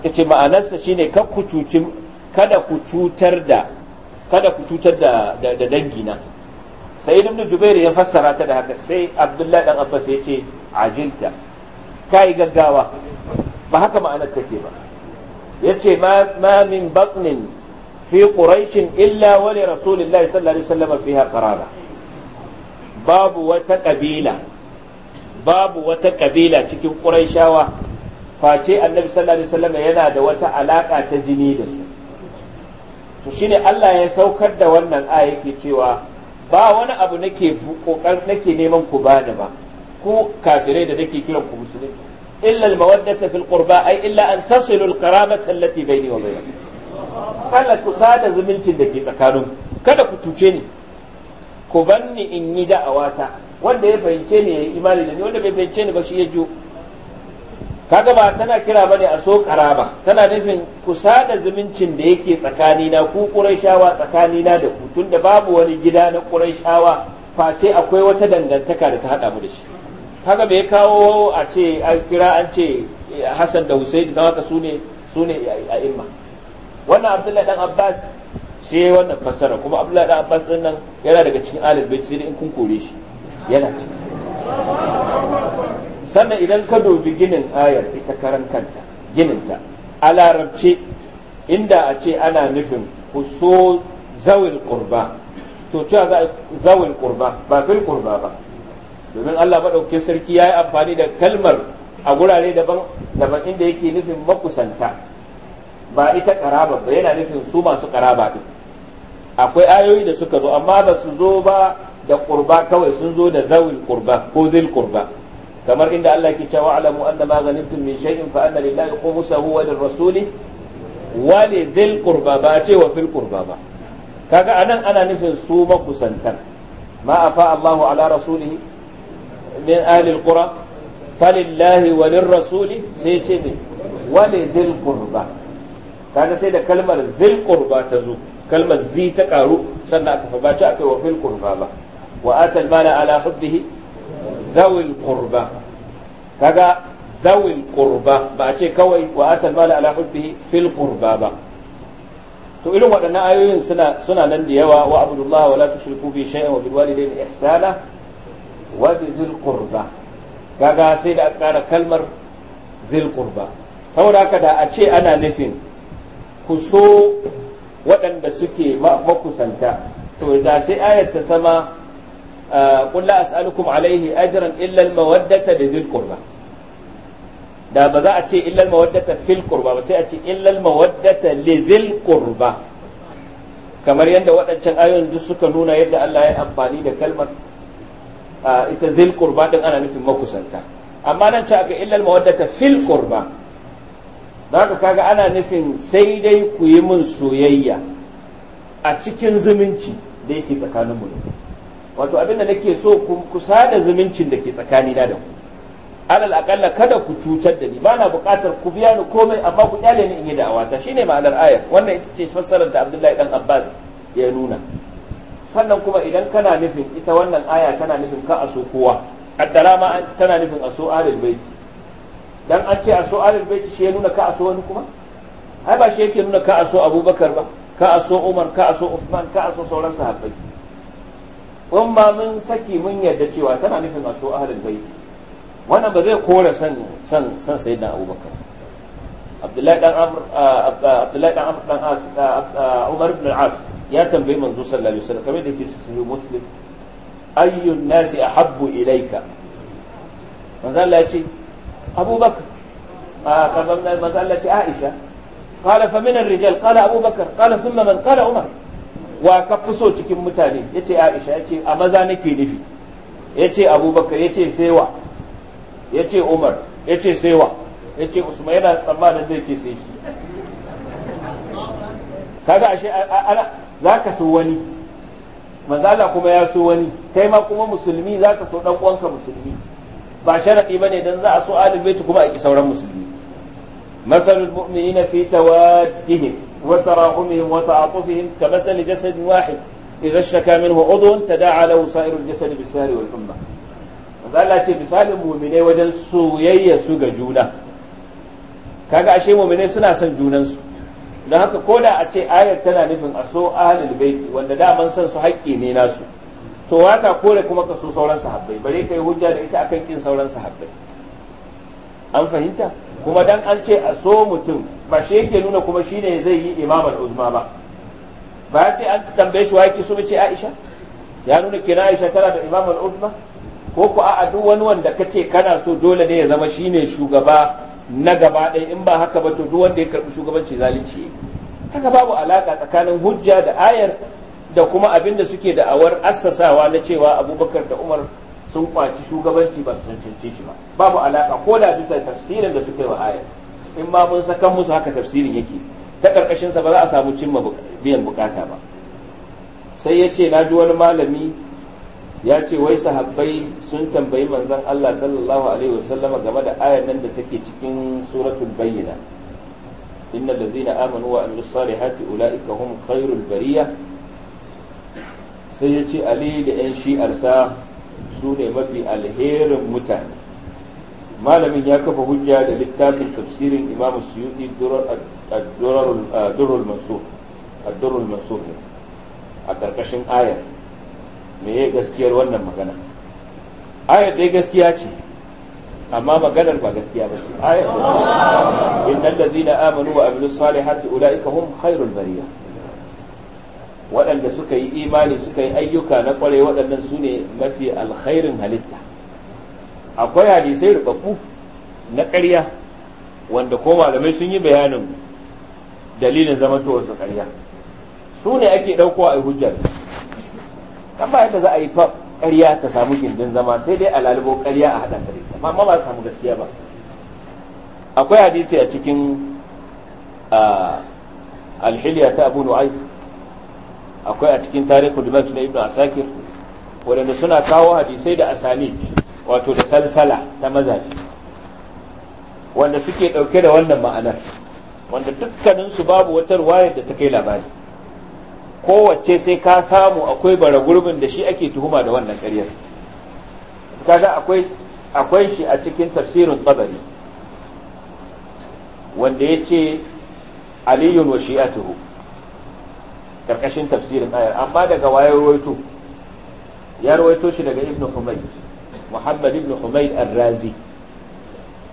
suka ce ma'anarsa shine kakku cuci kada ku cutar da kada ku cutar da da dangi na sai ibn jubair ya fassara ta da haka sai abdullahi dan abbas ya ce ajilta kai gaggawa ba haka ma'anar take ba yace ma ma min batnin fi quraish illa wa li rasulillahi sallallahu alaihi wasallam fiha qarara babu wata kabila babu wata kabila cikin quraishawa face annabi sallallahu alaihi wasallam yana da wata alaka ta jini da su to shine Allah ya saukar da wannan aya yake cewa ba wani abu nake kokar nake neman ku bani ba ku kafirai da nake kiran ku musulunci illa almawaddata fil qurba ay illa an tasilu alqarabata allati bayni wa bainakum Allah ku sada zumuncin da ke tsakanin kada ku tuce ni ku banni in yi da'awata wanda ya fahimce ni ya yi imani da ni wanda bai fahimce ni ba shi ya ju kaga ba tana kira ne a so karaba tana nufin kusa da zumuncin da yake tsakanina ku ƙurayshawa tsakanina da ku tunda babu wani gida na ƙurayshawa face akwai wata dangantaka da ta hada mu da shi kaga bai kawo a ce an kira an ce eh, Hassan da Husaini da ka sune sune a imma wannan Abdullahi dan Abbas shi wannan fassara kuma Abdullahi dan Abbas din nan yana daga cikin alif sai sai in kun kore shi yana cikin sannan idan ka dubi ginin ayar ita karan kanta gininta a larabce inda a ce ana nufin ku so zawil kurba to cewa za zawil kurba ba fil kurba ba domin Allah maɗauke sarki ya yi amfani da kalmar a gurare daban inda yake nufin makusanta ba ita karaba ba yana nufin su masu karaba ɗin akwai ayoyi da suka zo amma ba su zo ba da kurba kawai sun zo da zawil kurba ko zil kurba kamar inda Allah ke cewa alamu anna ma ghanimtum min shay'in fa anna lillahi khumsahu wa lirrasuli wa li dhil qurba ba ce wa fil qurba ba kaga anan ana nufin su makusantan ma afa Allahu ala rasulihi min ahli alqura falillahi wa lirrasuli sai ce ne wa li dhil qurba kaga sai da kalmar dhil qurba ta zo kalmar zi ta karu sannan aka fa ba ta akai wa fil qurba ba wa atal mala ala hubbihi zawil qurba kaga zawil ba a ce kawai wa atal mala ala hubbihi fil qurba ba to irin waɗannan ayoyin suna suna nan da yawa wa abdullah wa la tushriku bi shay'in wa bil walidayni ihsana wa bil qurba kaga sai da aka kara kalmar zil qurba saboda haka da a ce ana nufin ku so waɗanda suke makusanta to da sai ayat ta sama qul la as'alukum alaihi ajran illa al mawaddata bi da ba za a ce illa al mawaddata fil qurba ba sai a ce illa al mawaddata li qurba kamar yadda waɗancan ayoyin duk suka nuna yadda Allah ya amfani da kalmar ita dhil qurba din ana nufin makusanta amma nan ce aka illa al mawaddata fil qurba haka kaga ana nufin sai dai ku yi min soyayya a cikin zumunci da yake tsakaninmu da wato abinda nake so ku sada zumuncin da ke tsakani na da ku alal akalla kada ku cutar da ni ba na bukatar ku biya ni komai amma ku kyale ni in yi da'awa ta shine ma'anar ayar wannan ita ce fassarar da Abdullahi dan Abbas ya nuna sannan kuma idan kana nufin ita wannan aya tana nufin ka aso kowa addara ma tana nufin aso ahlul baiti dan an ce aso ahlul baiti shi ya nuna ka aso wani kuma ai ba shi yake nuna ka aso Abubakar ba ka aso Umar ka aso Uthman ka aso sauran sahabbai in ba mun saki mun yadda cewa tana nufin a so ahlul baiti wannan ba zai kora san san san sayyidina abubakar abdullahi dan amr abdullahi dan as umar ibn al-as ya tambayi manzo sallallahu alaihi wasallam kamar da yake cikin muslim ayyun nasi ahabbu ilayka manzo Allah ya ce abubakar manzo Allah ya ce aisha قال فمن الرجال قال أبو بكر قال ثم من قال عمر wa ka fi so cikin mutane ya ce aisha ya ce a maza nake nufi ya ce abubakar ya ce saiwa ya ce umar ya ce saiwa ya ce usman yana tsammanin zai ce sai shi kaga ashe za ka so wani manzala kuma ya so wani kai ma kuma musulmi za ka so dan uwanka musulmi ba sharaɗi ba ne don za a so alibaitu kuma a ki sauran musulmi masalul mu'minina fi tawaddihim وتراحمهم وتعاطفهم كمثل جسد واحد إذا اشتكى منه عضو تداعى له سائر الجسد بالسهر والحمى Allah ce misalin muminai wajen soyayya su ga juna kaga ashe muminai suna son junansu don haka ko da a ce ayar tana nufin a so ahlul baiti wanda daman san su haƙƙi ne nasu to waka kore kuma ka so sauran sahabbai bare kai hujja da ita akan kin sauran sahabbai an fahimta kuma dan an ce a so mutum ba shi yake nuna kuma shi ne zai yi imamar uzma ba ba ya ce an tambaye shi waki su ce Aisha ya nuna kina Aisha tana da imamar uzma ko ku a duk wani wanda kace kana so dole ne ya zama shi ne shugaba na gaba ɗaya in ba haka ba to duk wanda ya karbi shugabanci zalunci haka babu alaka tsakanin hujja da ayar da kuma abin da suke da awar assasawa na cewa Abubakar da Umar sun kwaci shugabanci ba su cancance shi ba babu alaka ko da bisa tafsirin da suka yi wa ayar in ma mun sakan musu haka tafsirin yake ta karkashin sa ba za a samu cimma biyan bukata ba sai ya ce na ji wani malami ya ce wai sahabbai sun tambayi manzon Allah sallallahu alaihi wasallam game da ayar nan da take cikin suratul bayyina inna allazina amanu wa amilus salihati ulaika hum khairul bariya. sai ya ce ali da 'yan shi'arsa su ne mafi alherin mutane malamin ya kafa hujja da littafin tafsirin imam suyuti durrul mansur durrul mansur ne a ƙarƙashin ayar me ya gaskiyar wannan magana ayar dai gaskiya ce amma maganar ba gaskiya ba ce ayar da su innal ladina amanu wa amilus salihati ulaika hum khairul bariya waɗanda suka yi imani suka yi ayyuka na kwarai waɗannan su ne mafi alkhairin halitta akwai hadisai rubabbu na ƙarya wanda ko malamai sun yi bayanin dalilin zamantowar su ƙarya su ne ake ɗauko a hujjar kan ba yadda za a yi ƙarya ta samu gindin zama sai dai a ƙarya a haɗa kare amma ba samu gaskiya ba akwai hadisi a cikin ah, alhiliya ta abu nu'ayyar akwai a cikin tarihi dimashq na ibnu asakir waɗanda suna kawo hadisai da asali wato da salsala ta mazaje wanda suke ɗauke da wannan ma'anar wanda dukkaninsu babu wata ruwayar da ta kai labari kowace sai ka samu akwai bara gurbin da shi ake tuhuma da wannan ƙaryar kaga akwai akwai shi a cikin tafsirin tsabari wanda ya ce aliyun wa shi'atuhu karkashin tafsirin ayar amma daga wayar ruwaito ya ruwaito shi daga ibn humayd muhammad ibn humayd ar-razi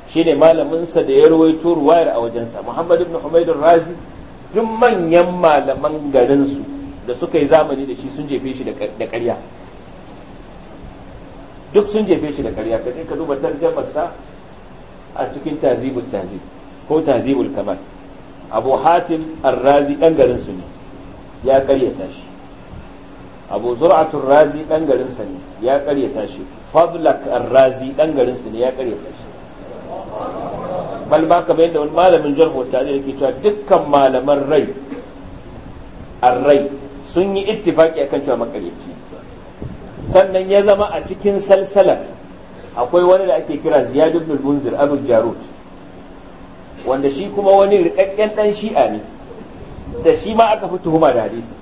shine malaminsa da ya ruwaito ruwayar a wajensa muhammad ibn humayd ar-razi duk manyan malaman garinsu da suka yi zamani da shi sun jefe shi da ƙarya duk sun jefe shi da ƙarya ka ka duba tarjamarsa a cikin tazibul tazib ko tazibul kamal abu hatim ar-razi ɗan garinsu ne ya karyata shi abu zur'atul razi dan garin sa ne ya karyata shi fadlak razi dan garin sa ne ya karyata shi bal ba da yadda wani malamin jarh wa ta'dil yake cewa dukkan malaman rai ar-rai sun yi ittifaki akan cewa makaryaci sannan ya zama a cikin salsalar akwai wani da ake kira ziyad ibn munzir abu jarut wanda shi kuma wani rikakken dan shi'a ne da shi ma aka fi tuhuma da hadisin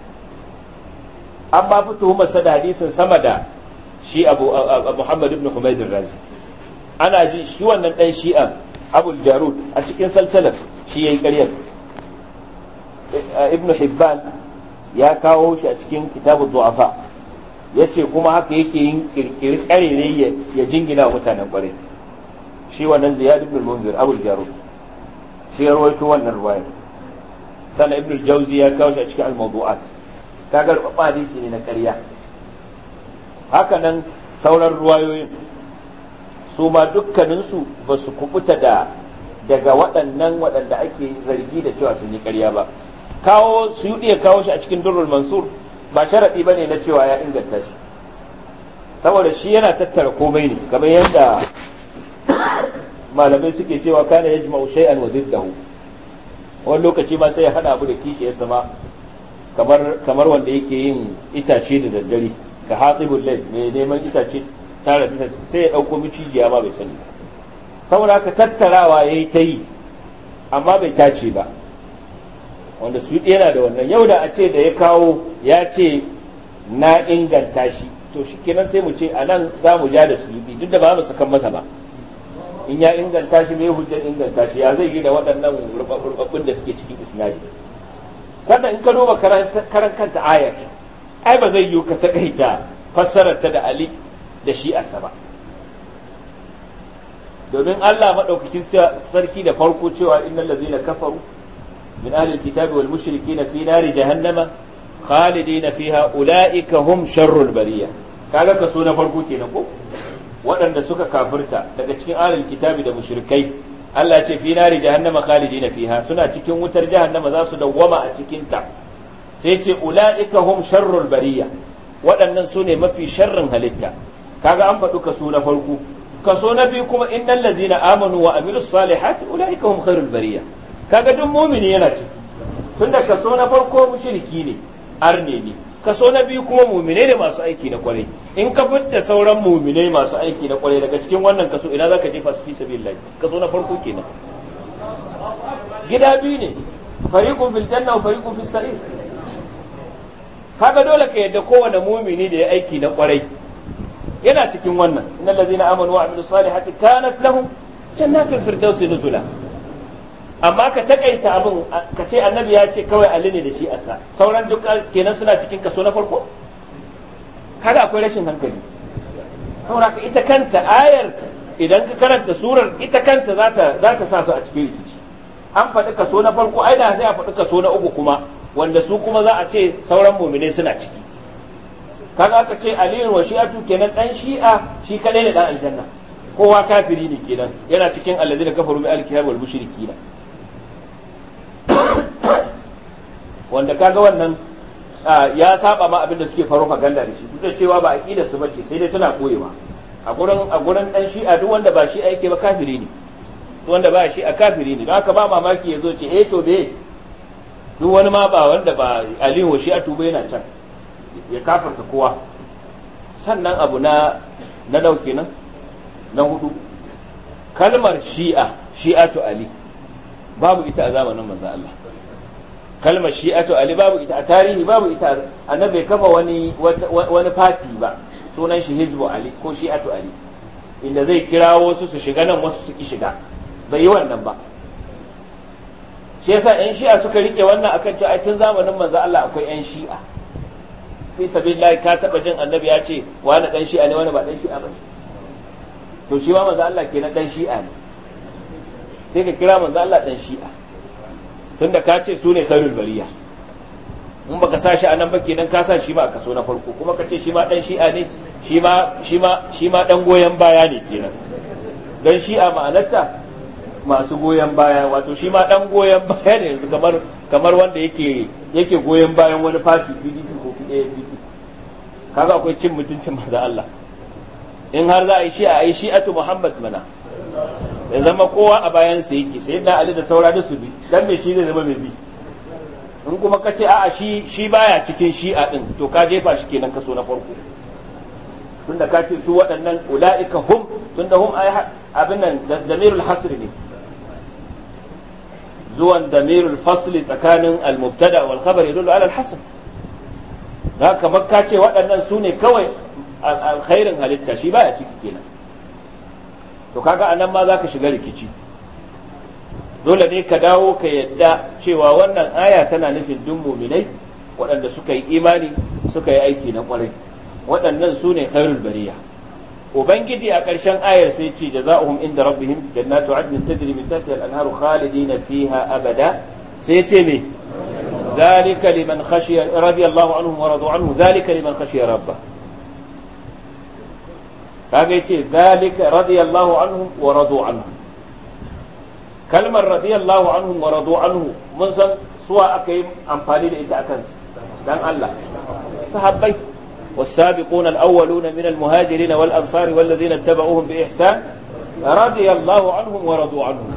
an ba fi tuhumarsa da hadisin sama da shi abu muhammad ibn humaydin razi ana ji shi wannan ɗan shi'an abul jarud a cikin salsalar shi ya yi ƙaryar eh, ibn hibban ya kawo shi a cikin kitabu du'afa ya ce kuma haka yake yin kirkiri ƙarere ya jingina mutanen ƙwarai shi wannan ziyad ibn munzir abul jarud shi ya rawaito wannan ruwayar sannan ibn jauzi jawzi ya kawo shi a cikin al-mawdu'at kaga rubaba hadisi ne na ƙarya haka nan sauran ruwayoyin su ma dukkaninsu ba su kubuta da daga waɗannan waɗanda ake zargi da cewa sun yi ƙarya ba kawo su yi kawo shi a cikin durrul mansur ba sharaɗi ba ne na cewa ya inganta shi saboda shi yana tattara komai ne kamar yadda malamai suke cewa kana yajma'u shay'an wa diddahu wani lokaci ma sai ya hada abu da ya zama kamar kamar wanda yake yin itace da daddare ka hatibul bullet mai neman itace tara itace sai ya dauko micijiya ma bai sani saboda haka tattarawa yayi ta yi amma bai tace ba wanda su yana da wannan yau da a ce da ya kawo ya ce na inganta shi to shi kenan sai mu ce a nan za mu ja da su duk da ba mu sakan masa ba in ya inganta shi me hujjar inganta shi ya zai yi da waɗannan rubabbun da suke cikin isnadi sannan in ka duba karan kanta ayar ai ba zai yi ka takaita fassarar ta da ali da shi a ba domin Allah madaukakin sarki da farko cewa innal ladzina kafaru min ahli alkitabi wal mushrikin fi nari jahannama khalidina fiha ulaika hum sharrul bariya kaga kaso na farko kenan ko waɗanda suka kafirta daga cikin alil kitabi da mushrikai Allah ce fi nari jahannama khalidina fiha suna cikin wutar jahannama za su dawwama a cikin ta sai ce ulaika hum sharrul bariya waɗannan su ne mafi sharrin halitta kaga an faɗi kaso na farko kaso na biyu kuma innal ladzina amanu wa amilus salihati ulaika hum khairul bariya kaga duk mumini yana ciki tunda kaso na farko mushriki ne arne ne kaso na biyu kuma muminai ne masu aiki na kwarai in ka da sauran muminai masu aiki na kwarai daga cikin wannan kaso ina za ka jefa su fi sabilillahi kaso na farko kenan gida biyu ne fariqun fil janna wa fariqun fis sa'ir kaga dole ka yadda kowane mumini da ya aiki na kwarai yana cikin wannan innal ladzina amanu wa amilus salihati kanat lahum jannatul firdausi nuzula amma ka takaita abin ka ce annabi ya ce kawai ali ne da shi asa sauran duk kenan suna cikin kaso na farko kada akwai rashin hankali saboda ita kanta ayar idan ka karanta surar ita kanta za ta sa su a cikin rikici an faɗi kaso na farko ai da sai a faɗi kaso na uku kuma wanda su kuma za a ce sauran mumine suna ciki kaga aka ce aliyu wa shi'atu kenan dan shi'a shi kadai ne dan aljanna kowa kafiri ne kenan yana cikin alladina kafaru bi alkitab wal mushrikina wanda kaga wannan ya saba ma suke faro ka ganda da shi duk da cewa ba aqida su bace sai dai suna koyewa a gurin a gurin dan shi'a duk wanda ba shi'a yake ba kafiri ne wanda ba shi a kafiri ne don haka ba mamaki ya zo ce eh to be duk wani ma ba wanda ba wa shi a tuba yana can ya kafarta kowa sannan abu na na dauke nan na hudu kalmar shi'a shi'atu ali babu ita a zamanin manzo Allah kalmar shi'atu ali babu ita a tarihi babu ita annabi bai kafa wani wani fati ba sunan shi hizbu ali ko shi'atu ali inda zai kira wasu su shiga nan wasu su ki shiga bai yi wannan ba shi yasa yan shi'a suka rike wannan akan cewa tun zamanin manzo Allah akwai yan shi'a fi sabilillah ka taba jin annabi ya ce wani dan shi'a ne wani ba dan shi'a ba to shi ma manzo Allah kenan dan shi'a ne sai ka kira manzo Allah dan shi'a tunda ka ce su ne khairul bariya in baka sa shi anan ba kenan ka sa shi ma a kaso na farko kuma ka ce shi ma dan shi'a ne shi ma shi ma shi ma dan goyen baya ne kenan dan shi'a ma'anarta masu goyen baya wato shi ma dan goyen baya ne yanzu kamar kamar wanda yake yake goyen bayan wani party PDP ko PDP kaga akwai cin mutuncin manzo Allah in har za a yi shi'a a yi shi'atu Muhammad mana ya zama kowa a bayan sa yake sai da ali da saura da su bi dan me shi zai zama mai bi in kuma ka ce a'a shi shi baya cikin shi'a din to ka jefa shi kenan kaso na farko tunda ka ce su waɗannan ula'ika hum tunda hum abin nan damirul hasri ne zuwan damirul fasli tsakanin al-mubtada wal khabar yadullu ala al-hasr haka makka ce waɗannan su ne kawai alkhairin halitta shi baya ciki kenan to kaga anan ma zaka shiga rikici dole ne ka dawo ka yadda cewa wannan aya tana nufin duk muminai waɗanda suka yi imani suka yi aiki na ƙwarai waɗannan su ne khairul bariya ubangiji a ƙarshen ayar sai ce jaza'uhum inda rabbihim jannatu adnin tajri min tahtiha al khalidina fiha abada sai ce me zalika liman khashiya radiyallahu anhum wa radu anhu zalika liman khashiya rabbah kaga yace zalika radiyallahu anhum wa radu anhu kalmar radiyallahu anhum wa radu anhu mun san suwa aka yi amfani da ita akan dan Allah sahabbai والسابقون الأولون من المهاجرين والأنصار والذين اتبعوهم بإحسان رضي الله عنهم ورضوا عنهم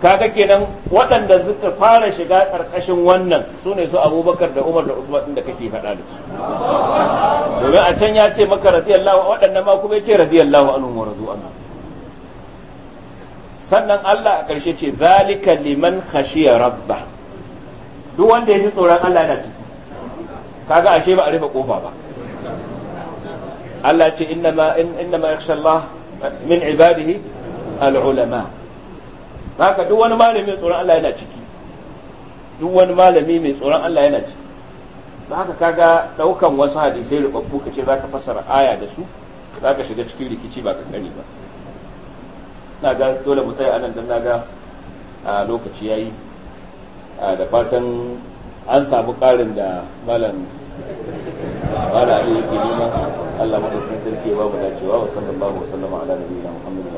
kaga kenan waɗanda suka fara shiga ƙarƙashin wannan su ne su abubakar da umar da usman ɗin da kake faɗa da su domin a can ya ce maka radiyallahu waɗannan ma kuma ya ce radiyallahu anhu wa radu anhu sannan Allah a ƙarshe ce zalika liman khashiya rabba duk wanda ya ji tsoron Allah yana ciki kaga ashe ba a rufe kofa ba Allah ce inna ma inna ma yakhsha min ibadihi al-ulama haka duk wani malami mai tsoron Allah yana ciki duk wani malami mai tsoron Allah yana ciki da haka kaga daukan wasu hadisai rubabbu ka ce zaka fasara aya da su zaka shiga cikin rikici ba kankani ba na ga dole mu tsaya anan dan naga a lokaci yayi da fatan an samu karin da malam malam yake nema Allah madaukakin sarki ya ba mu dacewa wa sallallahu alaihi wa sallam ala nabiyina Muhammad